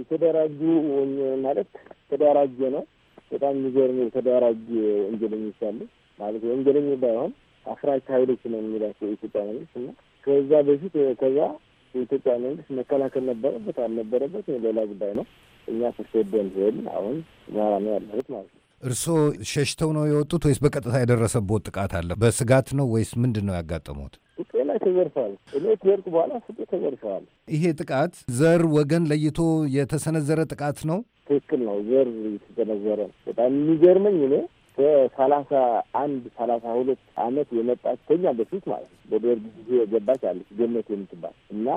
የተደራጁ ማለት ተደራጀ ነው። በጣም የሚገርም የተደራጀ ወንጀለኞች አሉ ማለት ወንጀለኞች ባይሆን አፍራች ኃይሎች ነው የሚላቸው የኢትዮጵያ መንግስት እና ከዛ በፊት ከዛ የኢትዮጵያ መንግስት መከላከል ነበረበት አልነበረበት ሌላ ጉዳይ ነው። እኛ ስሴደን ሲሄድ አሁን ማራ ነው ያለበት ማለት ነው። እርስዎ ሸሽተው ነው የወጡት ወይስ በቀጥታ የደረሰበት ጥቃት አለ? በስጋት ነው ወይስ ምንድን ነው ያጋጠሙት? ተዘርፈዋል። እኔ ትወርቅ በኋላ ፍ ተዘርፈዋል። ይሄ ጥቃት ዘር ወገን ለይቶ የተሰነዘረ ጥቃት ነው። ትክክል ነው። ዘር የተሰነዘረ በጣም የሚገርመኝ እኔ ከሰላሳ አንድ ሰላሳ ሁለት አመት የመጣች ከኛ በፊት ማለት ነው። በደርግ ጊዜ የገባች አለች ገነት የምትባል እና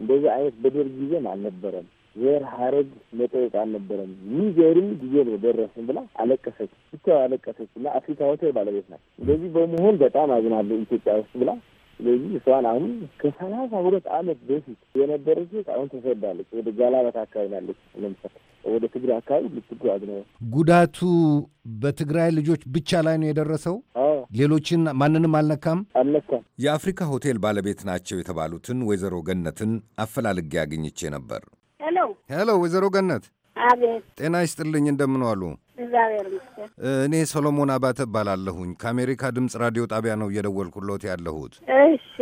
እንደዚህ አይነት በደርግ ጊዜም አልነበረም ዘር ሀረግ መጠየቅ አልነበረም። ሚገርም ጊዜ ነው ደረስን ብላ አለቀሰች። ብቻ አለቀሰች እና አፍሪካ ሆቴል ባለቤት ናት። እንደዚህ በመሆን በጣም አዝናለሁ ኢትዮጵያ ውስጥ ብላ ስለዚህ እሷን አሁን ከሰላሳ ሁለት አመት በፊት የነበረች ሴት አሁን ተሰዳለች። ወደ ጋላበት አካባቢ ናለች። ለምሳሌ ወደ ትግራይ አካባቢ ልትጓዝ ነው። ጉዳቱ በትግራይ ልጆች ብቻ ላይ ነው የደረሰው። ሌሎችን ማንንም አልነካም አልነካም። የአፍሪካ ሆቴል ባለቤት ናቸው የተባሉትን ወይዘሮ ገነትን አፈላልጌ አግኝቼ ነበር። ሄሎ ሄሎ፣ ወይዘሮ ገነት አቤት። ጤና ይስጥልኝ እንደምን ዋሉ? እግዚአብሔር እኔ ሰሎሞን አባተ እባላለሁኝ ከአሜሪካ ድምፅ ራዲዮ ጣቢያ ነው እየደወልኩሎት ያለሁት። እሺ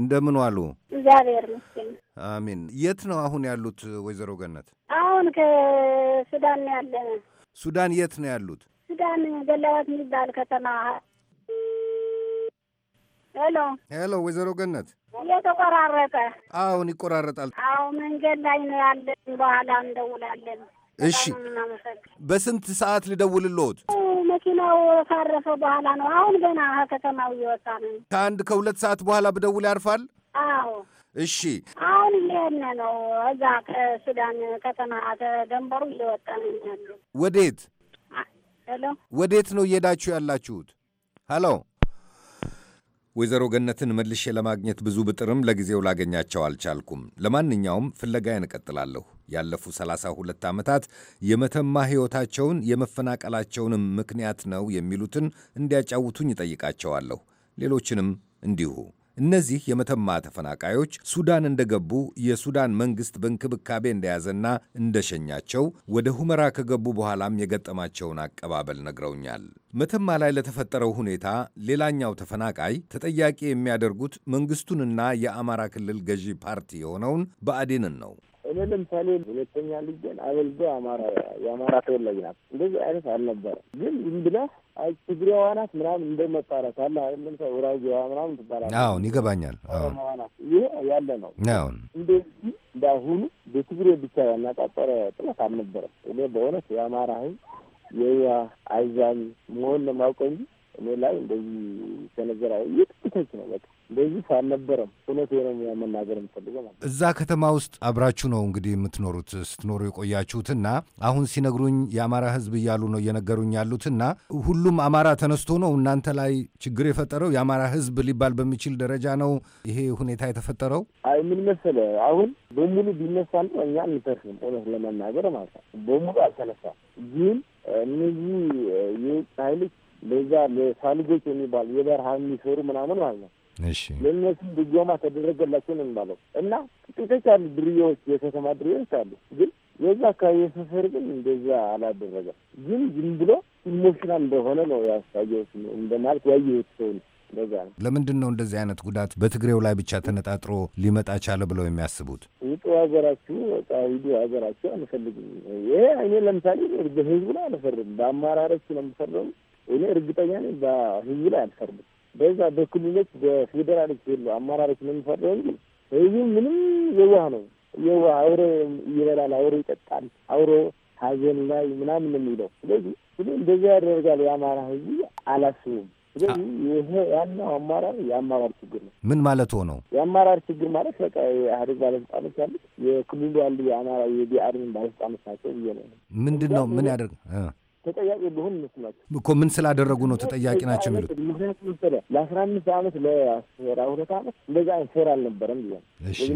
እንደምን ዋሉ? እግዚአብሔር ይመስገን። አሚን። የት ነው አሁን ያሉት ወይዘሮ ገነት? አሁን ከሱዳን ነው ያለ። ሱዳን የት ነው ያሉት? ሱዳን ገለባት የሚባል ከተማ። ሄሎ ሄሎ፣ ወይዘሮ ገነት እየተቆራረጠ አሁን ይቆራረጣል። አዎ መንገድ ላይ ነው ያለን። በኋላ እንደውላለን። እሺ፣ በስንት ሰዓት ልደውልልዎት? መኪናው ካረፈ በኋላ ነው። አሁን ገና ከተማው እየወጣ ነው። ከአንድ ከሁለት ሰዓት በኋላ ብደውል ያርፋል? አዎ። እሺ፣ አሁን እየሄድን ነው። እዛ ከሱዳን ከተማ ከደንበሩ እየወጣ ነው ያሉ። ወዴት ወዴት ነው እየሄዳችሁ ያላችሁት? ሀሎ ወይዘሮ ገነትን መልሼ ለማግኘት ብዙ ብጥርም ለጊዜው ላገኛቸው አልቻልኩም። ለማንኛውም ፍለጋዬን እቀጥላለሁ። ያለፉ ሰላሳ ሁለት ዓመታት የመተማ ሕይወታቸውን የመፈናቀላቸውንም ምክንያት ነው የሚሉትን እንዲያጫውቱኝ እጠይቃቸዋለሁ። ሌሎችንም እንዲሁ እነዚህ የመተማ ተፈናቃዮች ሱዳን እንደገቡ የሱዳን መንግሥት በእንክብካቤ እንደያዘና እንደሸኛቸው ወደ ሁመራ ከገቡ በኋላም የገጠማቸውን አቀባበል ነግረውኛል። መተማ ላይ ለተፈጠረው ሁኔታ ሌላኛው ተፈናቃይ ተጠያቂ የሚያደርጉት መንግሥቱንና የአማራ ክልል ገዢ ፓርቲ የሆነውን ብአዴንን ነው። እኔ ለምሳሌ ሁለተኛ ልጄን አበልጎ አማራ የአማራ ተወላጅ ናት። እንደዚህ አይነት አልነበረም። ግን ዝም ብለህ አይ ትግሬዋ ናት ምናምን እንደመጣራት አለ አይደለም ሰው ራዚዋ ምናምን ትባላለህ። አሁን ይገባኛል። ይሄ ያለ ነው። አሁን እንደዚህ እንዳሁኑ በትግሬ ብቻ ያናጣጠረ ጥለት አልነበረም። እኔ በእውነት የአማራ ህዝብ የዋ አዛኝ መሆን ነው እንጂ እኔ ላይ እንደዚህ ተነገራ ይጥቶች ነው በቃ እንደዚህ አልነበረም። እውነት ነው መናገር የምፈልገው ማለት እዛ ከተማ ውስጥ አብራችሁ ነው እንግዲህ የምትኖሩት ስትኖሩ የቆያችሁትና አሁን ሲነግሩኝ የአማራ ሕዝብ እያሉ ነው እየነገሩኝ ያሉትና ሁሉም አማራ ተነስቶ ነው እናንተ ላይ ችግር የፈጠረው የአማራ ሕዝብ ሊባል በሚችል ደረጃ ነው ይሄ ሁኔታ የተፈጠረው። አይ ምን መሰለ አሁን በሙሉ ቢነሳ ነው እኛ አንተርስም። እውነት ለመናገር ማለት ነው በሙሉ አልተነሳም፣ ግን እነዚህ የውጭ ኃይሎች ለዛ ለሳልጆች የሚባሉ የበረሃ የሚሰሩ ምናምን ማለት ነው። እሺ ለእነሱ ድጎማ ተደረገላቸው ነው የሚባለው እና ጥቂቶች አሉ ድርያዎች፣ የከተማ ድርያዎች አሉ። ግን የዛ አካባቢ የሰፈር ግን እንደዛ አላደረገም። ግን ዝም ብሎ ኢሞሽናል እንደሆነ ነው ያሳየሁት እንደማለት ያየሁት ሰው ነው። ለምንድን ነው እንደዚህ አይነት ጉዳት በትግሬው ላይ ብቻ ተነጣጥሮ ሊመጣ ቻለ ብለው የሚያስቡት? ውጡ ሀገራችሁ፣ በቃ ሂዱ ሀገራችሁ፣ አንፈልግም። ይሄ እኔ ለምሳሌ በህዝቡ ላይ አልፈርም፣ በአማራሮች ነው የምፈርም እኔ እርግጠኛ ነኝ በህዝቡ ላይ አልፈርድም። በዛ በክልሎች በፌዴራሎች የሉ አመራሮች ነው የሚፈርደው እንጂ ህዝቡ ምንም የዋህ ነው። የዋህ አውሮ ይበላል፣ አውሮ ይጠጣል፣ አውሮ ሀዘን ላይ ምናምን የሚለው። ስለዚህ ሁሉ እንደዚያ ያደርጋል የአማራ ህዝብ አላስቡም። ስለዚህ ይሄ ያለው አማራር የአማራር ችግር ነው። ምን ማለት ሆነው የአማራር ችግር ማለት በቃ የኢህአዴግ ባለስልጣኖች ያሉት የክልሉ ያሉ የአማራ የቢአርምን ባለስልጣኖች ናቸው ብዬ ነው። ምንድን ነው ምን ያደርግ ተጠያቂ ሊሆን ይመስላል እኮ። ምን ስላደረጉ ነው ተጠያቂ ናቸው የሚሉት? ምክንያቱ መሰለህ ለአስራ አምስት ዓመት ለአስራ ሁለት ዓመት እንደዛ አይነት ሴራ አልነበረም ብሏል።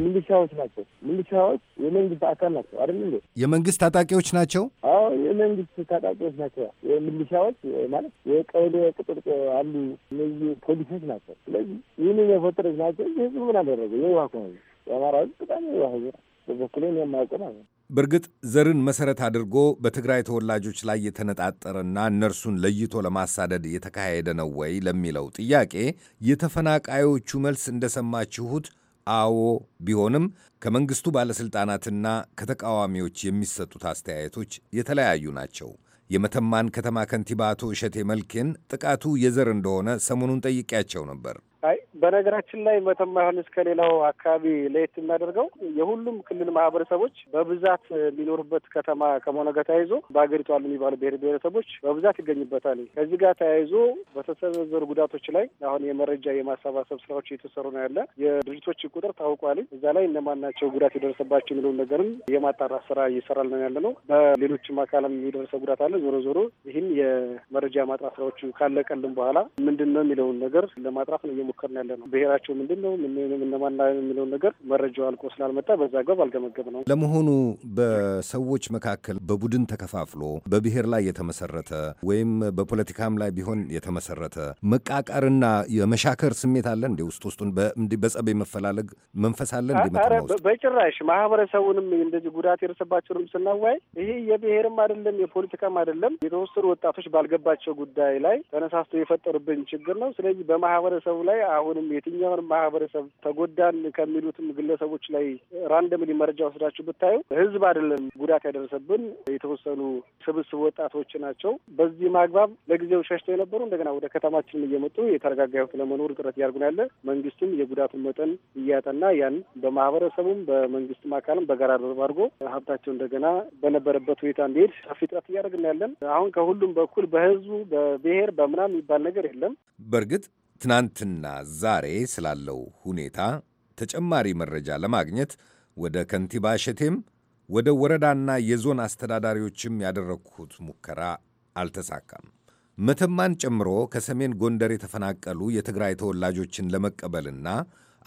ሚሊሻዎች ናቸው። ሚሊሻዎች የመንግስት አካል ናቸው አይደል እንዴ? የመንግስት ታጣቂዎች ናቸው። አዎ የመንግስት ታጣቂዎች ናቸው። ሚሊሻዎች ማለት የቀበሌ ቅጥር አሉ። እነዚህ ፖሊሶች ናቸው። ስለዚህ ይህንን የፈጠረች ናቸው። ህዝቡ ምን አደረገ? የዋህ ከሆነ የአማራ ህዝብ በጣም የዋህ ህዝብ በበኩሌ የማያውቀ ማለት ነው በእርግጥ ዘርን መሰረት አድርጎ በትግራይ ተወላጆች ላይ የተነጣጠረና እነርሱን ለይቶ ለማሳደድ የተካሄደ ነው ወይ ለሚለው ጥያቄ የተፈናቃዮቹ መልስ እንደሰማችሁት አዎ ቢሆንም ከመንግስቱ ባለሥልጣናትና ከተቃዋሚዎች የሚሰጡት አስተያየቶች የተለያዩ ናቸው። የመተማን ከተማ ከንቲባ አቶ እሸቴ መልኬን ጥቃቱ የዘር እንደሆነ ሰሞኑን ጠይቄያቸው ነበር። በነገራችን ላይ መተማ ዮሐንስ ከሌላው አካባቢ ለየት የሚያደርገው የሁሉም ክልል ማህበረሰቦች በብዛት የሚኖሩበት ከተማ ከመሆኑ ጋር ተያይዞ በሀገሪቱ አሉ የሚባሉ ብሔር ብሔረሰቦች በብዛት ይገኝበታል። ከዚህ ጋር ተያይዞ በተሰነዘሩ ጉዳቶች ላይ አሁን የመረጃ የማሰባሰብ ስራዎች እየተሰሩ ነው ያለ የድርጅቶች ቁጥር ታውቋል። እዛ ላይ እነማን ናቸው ጉዳት የደረሰባቸው የሚለውን ነገርም የማጣራት ስራ እየሰራል ነው ያለ ነው። በሌሎችም አካልም የደረሰ ጉዳት አለ። ዞሮ ዞሮ ይህን የመረጃ ማጥራት ስራዎቹ ካለቀልን በኋላ ምንድን ነው የሚለውን ነገር ለማጥራት ነው እየሞከርን ያለ ነው። ብሔራቸው ምንድን ነው እነማን የሚለውን ነገር መረጃው አልቆ ስላልመጣ በዛ አግባብ አልገመገብ ነው። ለመሆኑ በሰዎች መካከል በቡድን ተከፋፍሎ በብሔር ላይ የተመሰረተ ወይም በፖለቲካም ላይ ቢሆን የተመሰረተ መቃቀርና የመሻከር ስሜት አለ እንዴ? ውስጥ ውስጡን በጸብ መፈላለግ መንፈስ አለ እንዴ? በጭራሽ ማህበረሰቡንም እንደዚህ ጉዳት የደረሰባቸውንም ስናዋይ ይሄ የብሔርም አይደለም የፖለቲካም አይደለም የተወሰኑ ወጣቶች ባልገባቸው ጉዳይ ላይ ተነሳስቶ የፈጠሩብን ችግር ነው። ስለዚህ በማህበረሰቡ ላይ አሁን የትኛውንም የትኛውን ማህበረሰብ ተጎዳን ከሚሉትም ግለሰቦች ላይ ራንደምሊ መረጃ ወስዳችሁ ብታዩ ህዝብ አይደለም ጉዳት ያደረሰብን የተወሰኑ ስብስብ ወጣቶች ናቸው። በዚህ ማግባብ ለጊዜው ሸሽተው የነበሩ እንደገና ወደ ከተማችን እየመጡ የተረጋጋ ህይወት ለመኖር ጥረት እያደረጉ ነው ያለ። መንግስትም የጉዳቱን መጠን እያጠና ያን በማህበረሰቡም በመንግስትም አካልም በጋራ ደርብ አድርጎ ሀብታቸው እንደገና በነበረበት ሁኔታ እንዲሄድ ሰፊ ጥረት እያደረግን ያለን አሁን ከሁሉም በኩል በህዝቡ በብሔር በምናም የሚባል ነገር የለም በእርግጥ ትናንትና ዛሬ ስላለው ሁኔታ ተጨማሪ መረጃ ለማግኘት ወደ ከንቲባ ሸቴም ወደ ወረዳና የዞን አስተዳዳሪዎችም ያደረግሁት ሙከራ አልተሳካም። መተማን ጨምሮ ከሰሜን ጎንደር የተፈናቀሉ የትግራይ ተወላጆችን ለመቀበልና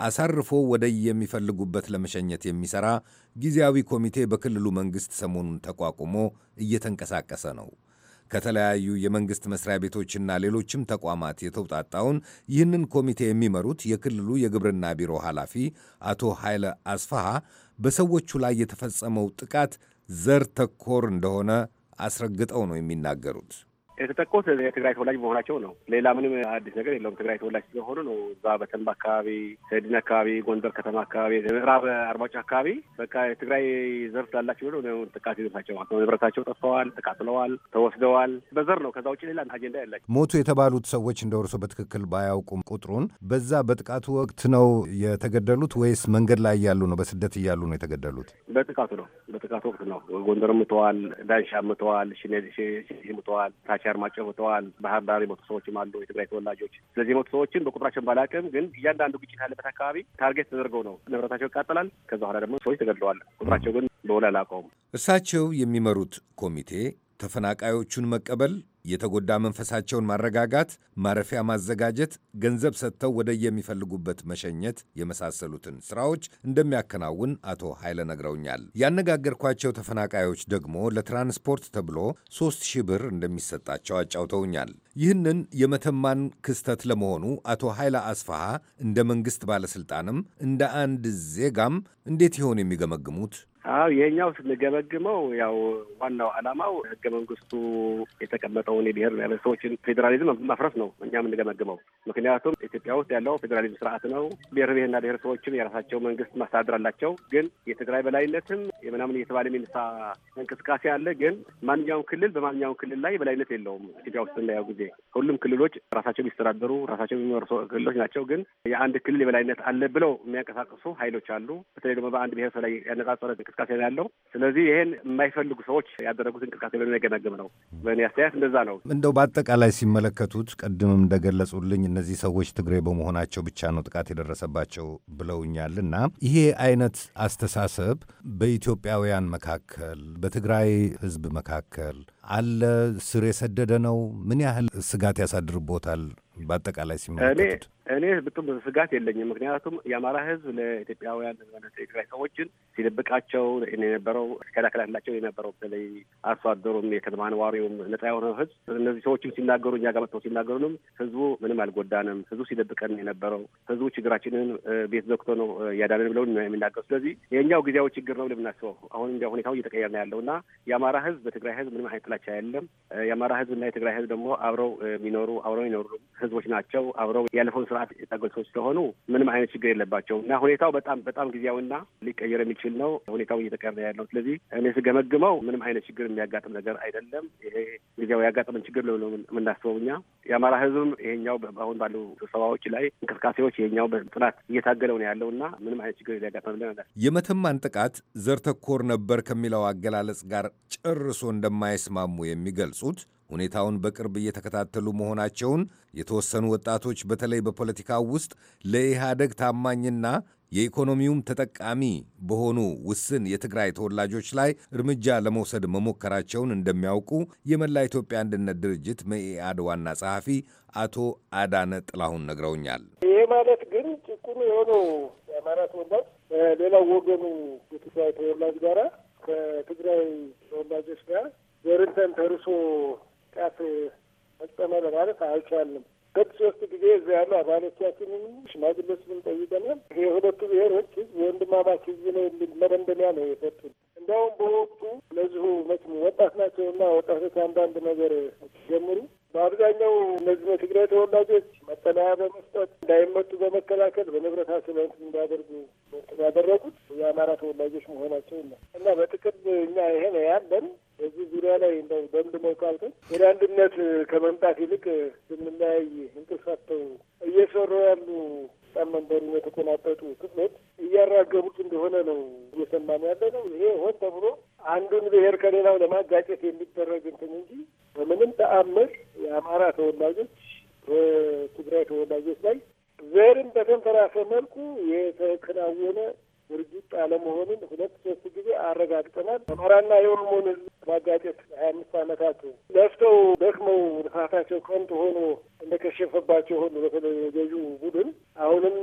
አሳርፎ ወደ የሚፈልጉበት ለመሸኘት የሚሠራ ጊዜያዊ ኮሚቴ በክልሉ መንግሥት ሰሞኑን ተቋቁሞ እየተንቀሳቀሰ ነው። ከተለያዩ የመንግሥት መስሪያ ቤቶችና ሌሎችም ተቋማት የተውጣጣውን ይህንን ኮሚቴ የሚመሩት የክልሉ የግብርና ቢሮ ኃላፊ አቶ ኃይለ አስፋሃ በሰዎቹ ላይ የተፈጸመው ጥቃት ዘር ተኮር እንደሆነ አስረግጠው ነው የሚናገሩት። የተጠቁት የትግራይ ተወላጅ መሆናቸው ነው። ሌላ ምንም አዲስ ነገር የለውም። ትግራይ ተወላጅ ስለሆኑ ነው። እዛ በተንባ አካባቢ፣ ሰድን አካባቢ፣ ጎንደር ከተማ አካባቢ፣ ምዕራብ አርማጭ አካባቢ በቃ የትግራይ ዘር ስላላቸው ነው ጥቃት ይደርሳቸው። ንብረታቸው ጠፍተዋል፣ ተቃጥለዋል፣ ተወስደዋል። በዘር ነው። ከዛ ውጭ ሌላ አጀንዳ ያላቸው ሞቱ የተባሉት ሰዎች እንደ እርሶ በትክክል ባያውቁም ቁጥሩን በዛ በጥቃቱ ወቅት ነው የተገደሉት ወይስ መንገድ ላይ እያሉ ነው በስደት እያሉ ነው የተገደሉት? በጥቃቱ ነው። በጥቃቱ ወቅት ነው። ጎንደር ምተዋል፣ ዳንሻ ምተዋል፣ ሽኔ ምተዋል፣ ታቻ አርማጭ ሞተዋል። ባህር ዳር የሞቱ ሰዎችም አሉ፣ የትግራይ ተወላጆች። ስለዚህ የሞቱ ሰዎችን በቁጥራቸው ባላቅም፣ ግን እያንዳንዱ ግጭት ያለበት አካባቢ ታርጌት ተደርገው ነው ንብረታቸው ይቃጠላል። ከዛ በኋላ ደግሞ ሰዎች ተገድለዋል። ቁጥራቸው ግን በውል አላውቀውም። እሳቸው የሚመሩት ኮሚቴ ተፈናቃዮቹን መቀበል፣ የተጎዳ መንፈሳቸውን ማረጋጋት፣ ማረፊያ ማዘጋጀት፣ ገንዘብ ሰጥተው ወደ የሚፈልጉበት መሸኘት የመሳሰሉትን ስራዎች እንደሚያከናውን አቶ ኃይለ ነግረውኛል። ያነጋገርኳቸው ተፈናቃዮች ደግሞ ለትራንስፖርት ተብሎ ሦስት ሺህ ብር እንደሚሰጣቸው አጫውተውኛል። ይህንን የመተማን ክስተት ለመሆኑ አቶ ኃይለ አስፋሃ እንደ መንግሥት ባለሥልጣንም እንደ አንድ ዜጋም እንዴት ይሆን የሚገመግሙት? አዎ ይሄኛው ስንገመግመው ያው ዋናው አላማው ህገ መንግስቱ የተቀመጠውን የብሔር ብሔረሰቦችን ፌዴራሊዝም ማፍረስ ነው። እኛ የምንገመግመው ምክንያቱም ኢትዮጵያ ውስጥ ያለው ፌዴራሊዝም ስርዓት ነው። ብሔር ብሔርና ብሔረሰቦችም የራሳቸው መንግስት ማስተዳደር አላቸው። ግን የትግራይ በላይነትም የምናምን እየተባለ የሚነሳ እንቅስቃሴ አለ። ግን ማንኛውም ክልል በማንኛውም ክልል ላይ በላይነት የለውም። ኢትዮጵያ ውስጥ እናየው ጊዜ ሁሉም ክልሎች ራሳቸው የሚስተዳደሩ ራሳቸው የሚመሩ ክልሎች ናቸው። ግን የአንድ ክልል የበላይነት አለ ብለው የሚያንቀሳቅሱ ሀይሎች አሉ። በተለይ ደግሞ በአንድ ብሔረሰብ ላይ ያነጻጸረ እንቅስቃሴ ነው ያለው። ስለዚህ ይሄን የማይፈልጉ ሰዎች ያደረጉት እንቅስቃሴ ብለን የገመገም ነው። በእኔ አስተያየት እንደዛ ነው። እንደው በአጠቃላይ ሲመለከቱት ቅድምም እንደገለጹልኝ እነዚህ ሰዎች ትግሬ በመሆናቸው ብቻ ነው ጥቃት የደረሰባቸው ብለውኛል እና ይሄ አይነት አስተሳሰብ በኢትዮጵያውያን መካከል በትግራይ ህዝብ መካከል አለ? ስር የሰደደ ነው? ምን ያህል ስጋት ያሳድርቦታል? በአጠቃላይ ሲመለከቱት እኔ ብጡም ስጋት የለኝም። ምክንያቱም የአማራ ሕዝብ ለኢትዮጵያውያን የትግራይ ሰዎችን ሲደብቃቸው የነበረው ሲከላከላላቸው የነበረው በተለይ አርሶ አደሩም የከተማ ነዋሪውም ነጻ የሆነ ሕዝብ እነዚህ ሰዎችም ሲናገሩ እኛ ጋር መጥተው ሲናገሩንም ሕዝቡ ምንም አልጎዳንም፣ ሕዝቡ ሲደብቀን የነበረው ሕዝቡ ችግራችንን ቤት ዘግቶ ነው እያዳንን ብለው የሚናገሩ ስለዚህ የእኛው ጊዜያዊ ችግር ነው ብለን የምናስበው አሁን እንዲ ሁኔታው እየተቀየር ነው ያለው እና የአማራ ሕዝብ በትግራይ ሕዝብ ምንም አይነት ጥላቻ የለም። የአማራ ህዝብና የትግራይ ህዝብ ደግሞ አብረው የሚኖሩ አብረው የሚኖሩ ህዝቦች ናቸው። አብረው ያለፈውን ስርዓት የታገሉ ሰዎች ስለሆኑ ምንም አይነት ችግር የለባቸው እና ሁኔታው በጣም በጣም ጊዜያዊና ሊቀየር የሚችል ነው። ሁኔታው እየተቀረ ያለው ስለዚህ እኔ ስገመግመው ምንም አይነት ችግር የሚያጋጥም ነገር አይደለም። ይሄ ጊዜያዊ ያጋጥምን ችግር ነው የምናስበው እኛ። የአማራ ህዝብም ይሄኛው አሁን ባሉ ስብሰባዎች ላይ እንቅስቃሴዎች ይሄኛው በጥናት እየታገለው ነው ያለው እና ምንም አይነት ችግር ሊያጋጥም የመተማን ጥቃት ዘር ተኮር ነበር ከሚለው አገላለጽ ጋር ጨርሶ እንደማይስማ እንደተስማሙ የሚገልጹት ሁኔታውን በቅርብ እየተከታተሉ መሆናቸውን የተወሰኑ ወጣቶች በተለይ በፖለቲካው ውስጥ ለኢህአደግ ታማኝና የኢኮኖሚውም ተጠቃሚ በሆኑ ውስን የትግራይ ተወላጆች ላይ እርምጃ ለመውሰድ መሞከራቸውን እንደሚያውቁ የመላ ኢትዮጵያ አንድነት ድርጅት መኢአድ ዋና ጸሐፊ አቶ አዳነ ጥላሁን ነግረውኛል። ይህ ማለት ግን ጭቁኑ የሆነው የአማራ ተወላጅ ሌላው ወገኑ የትግራይ ተወላጅ ጋራ ከትግራይ ተወላጆች ጋር ዘርተን ተርሶ ጥቃት ፈጸመ ለማለት አይቻልም። ሁለት ሶስት ጊዜ እዚ ያሉ አባሎቻችን አባሎቻችንን ሽማግሌዎችንም ጠይቀናል። የሁለቱ ብሔሮች ህዝብ የወንድማማች ህዝብ ነው የሚል መደምደሚያ ነው የሰጡን። እንዲያውም በወቅቱ ለዚሁ መቼም ወጣት ናቸው ናቸውና ወጣቶች አንዳንድ ነገር ሲጀምሩ በአብዛኛው እነዚህ በትግራይ ተወላጆች መጠለያ በመስጠት እንዳይመጡ በመከላከል በንብረት አስበንት እንዲያደርጉ ያደረጉት የአማራ ተወላጆች መሆናቸው ነው እና በጥቅል እኛ ይሄ ነው ያለን። በዚህ ዙሪያ ላይ እንደው በምድ ካልከኝ ወደ አንድነት ከመምጣት ይልቅ ስምናያይ እንቅፋት እየሰሩ ያሉ ጣም መንበሩን የተቆናጠጡ ክፍሎች እያራገቡት እንደሆነ ነው እየሰማን ያለ ነው። ይሄ ሆን ተብሎ አንዱን ብሔር ከሌላው ለማጋጨት የሚደረግ እንትን እንጂ በምንም ተአምር የአማራ ተወላጆች በትግራይ ተወላጆች ላይ ዘርን በተንተራሰ መልኩ የተከናወነ ድርጅት አለመሆኑን ሁለት ሶስት ጊዜ አረጋግጠናል። አማራና የኦሮሞን ሕዝብ ማጋጨት ሀያ አምስት ዓመታት ለፍተው ደክመው ልፋታቸው ከንቱ ሆኖ እንደከሸፈባቸው ሆኑ በተለይ ገዢው ቡድን አሁንም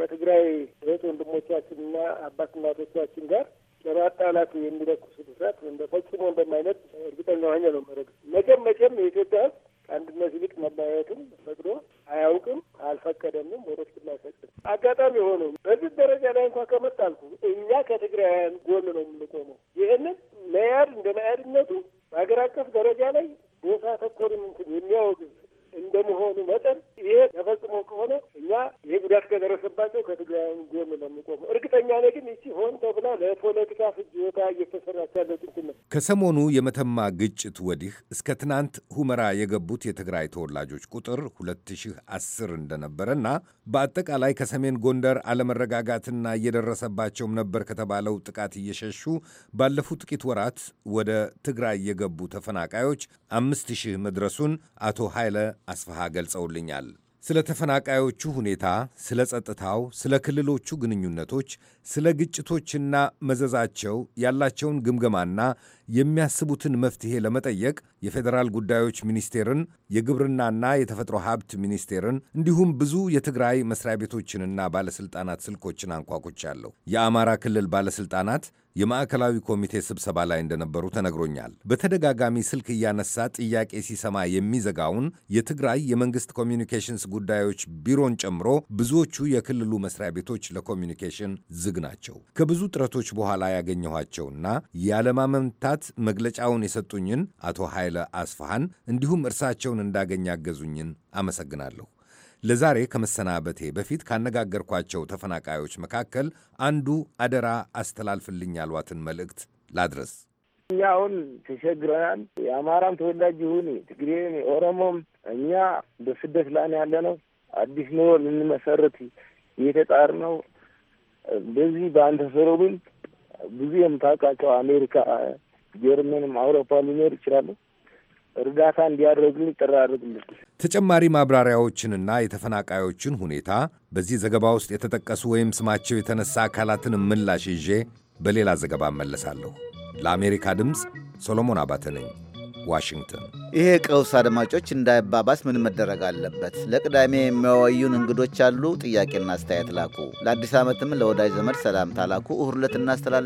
ከትግራይ እህት ወንድሞቻችንና አባት እናቶቻችን ጋር ለማጣላት የሚለኩሱት እንደ ፈጽሞ እንደማይነት እርግጠኛ ሆኜ ነው መረግ መቼም መቼም የኢትዮጵያ ህዝብ ከአንድነት ይልቅ መለያየትም ፈቅዶ አያውቅም፣ አልፈቀደምም፣ ወደፊትም አይፈቅድም። አጋጣሚ የሆነው በዚህ ደረጃ ላይ እንኳ ከመጣልኩ እኛ ከትግራውያን ጎን ነው የምንቆመው። ይህንን መያድ እንደ መያድነቱ በሀገር አቀፍ ደረጃ ላይ ቦታ ተኮር የሚያወግዝ እንደመሆኑ መጠን ይሄ ተፈጽሞ ከሆነ እኛ ይሄ ጉዳት ከደረሰባቸው ከትግራይን ጎን ነው የምንቆመው። እርግጠኛ ነኝ ግን ይቺ ሆን ተብላ ለፖለቲካ ፍጆታ እየተሰራች ያለው ነው። ከሰሞኑ የመተማ ግጭት ወዲህ እስከ ትናንት ሁመራ የገቡት የትግራይ ተወላጆች ቁጥር ሁለት ሺህ 2010 እንደነበረና በአጠቃላይ ከሰሜን ጎንደር አለመረጋጋትና እየደረሰባቸውም ነበር ከተባለው ጥቃት እየሸሹ ባለፉት ጥቂት ወራት ወደ ትግራይ የገቡ ተፈናቃዮች አምስት ሺህ መድረሱን አቶ ኃይለ አስፋሃ ገልጸውልኛል። ስለ ተፈናቃዮቹ ሁኔታ፣ ስለ ጸጥታው፣ ስለ ክልሎቹ ግንኙነቶች፣ ስለ ግጭቶችና መዘዛቸው ያላቸውን ግምገማና የሚያስቡትን መፍትሔ ለመጠየቅ የፌዴራል ጉዳዮች ሚኒስቴርን፣ የግብርናና የተፈጥሮ ሀብት ሚኒስቴርን እንዲሁም ብዙ የትግራይ መስሪያ ቤቶችንና ባለሥልጣናት ስልኮችን አንኳኩቻለሁ። የአማራ ክልል ባለሥልጣናት የማዕከላዊ ኮሚቴ ስብሰባ ላይ እንደነበሩ ተነግሮኛል። በተደጋጋሚ ስልክ እያነሳ ጥያቄ ሲሰማ የሚዘጋውን የትግራይ የመንግስት ኮሚኒኬሽንስ ጉዳዮች ቢሮን ጨምሮ ብዙዎቹ የክልሉ መስሪያ ቤቶች ለኮሚኒኬሽን ዝግ ናቸው። ከብዙ ጥረቶች በኋላ ያገኘኋቸውና ያለማመንታት መግለጫውን የሰጡኝን አቶ ኃይለ አስፋሃን እንዲሁም እርሳቸውን እንዳገኝ ያገዙኝን አመሰግናለሁ። ለዛሬ ከመሰናበቴ በፊት ካነጋገርኳቸው ተፈናቃዮች መካከል አንዱ አደራ አስተላልፍልኝ ያሏትን መልእክት ላድረስ። እኛ አሁን ተቸግረናል። የአማራም ተወላጅ ይሁን ትግሬም፣ ኦሮሞም እኛ በስደት ላይ ያለ ነው። አዲስ ኑሮ ልንመሰረት እየተጣር ነው። በዚህ በአንተ ሰሮብን ብዙ የምታውቃቸው አሜሪካ፣ ጀርመንም፣ አውሮፓ ሊኖር ይችላሉ እርዳታ እንዲያደርግልን ጥሪ ተጨማሪ ማብራሪያዎችንና የተፈናቃዮችን ሁኔታ በዚህ ዘገባ ውስጥ የተጠቀሱ ወይም ስማቸው የተነሳ አካላትን ምላሽ ይዤ በሌላ ዘገባ እመለሳለሁ። ለአሜሪካ ድምፅ ሶሎሞን አባተ ነኝ፣ ዋሽንግተን። ይሄ ቀውስ አድማጮች እንዳይባባስ ምን መደረግ አለበት? ለቅዳሜ የሚያወዩን እንግዶች አሉ። ጥያቄና አስተያየት ላኩ። ለአዲስ ዓመትም ለወዳጅ ዘመድ ሰላምታ ላኩ። እሁድ ዕለት እናስተላለፍ።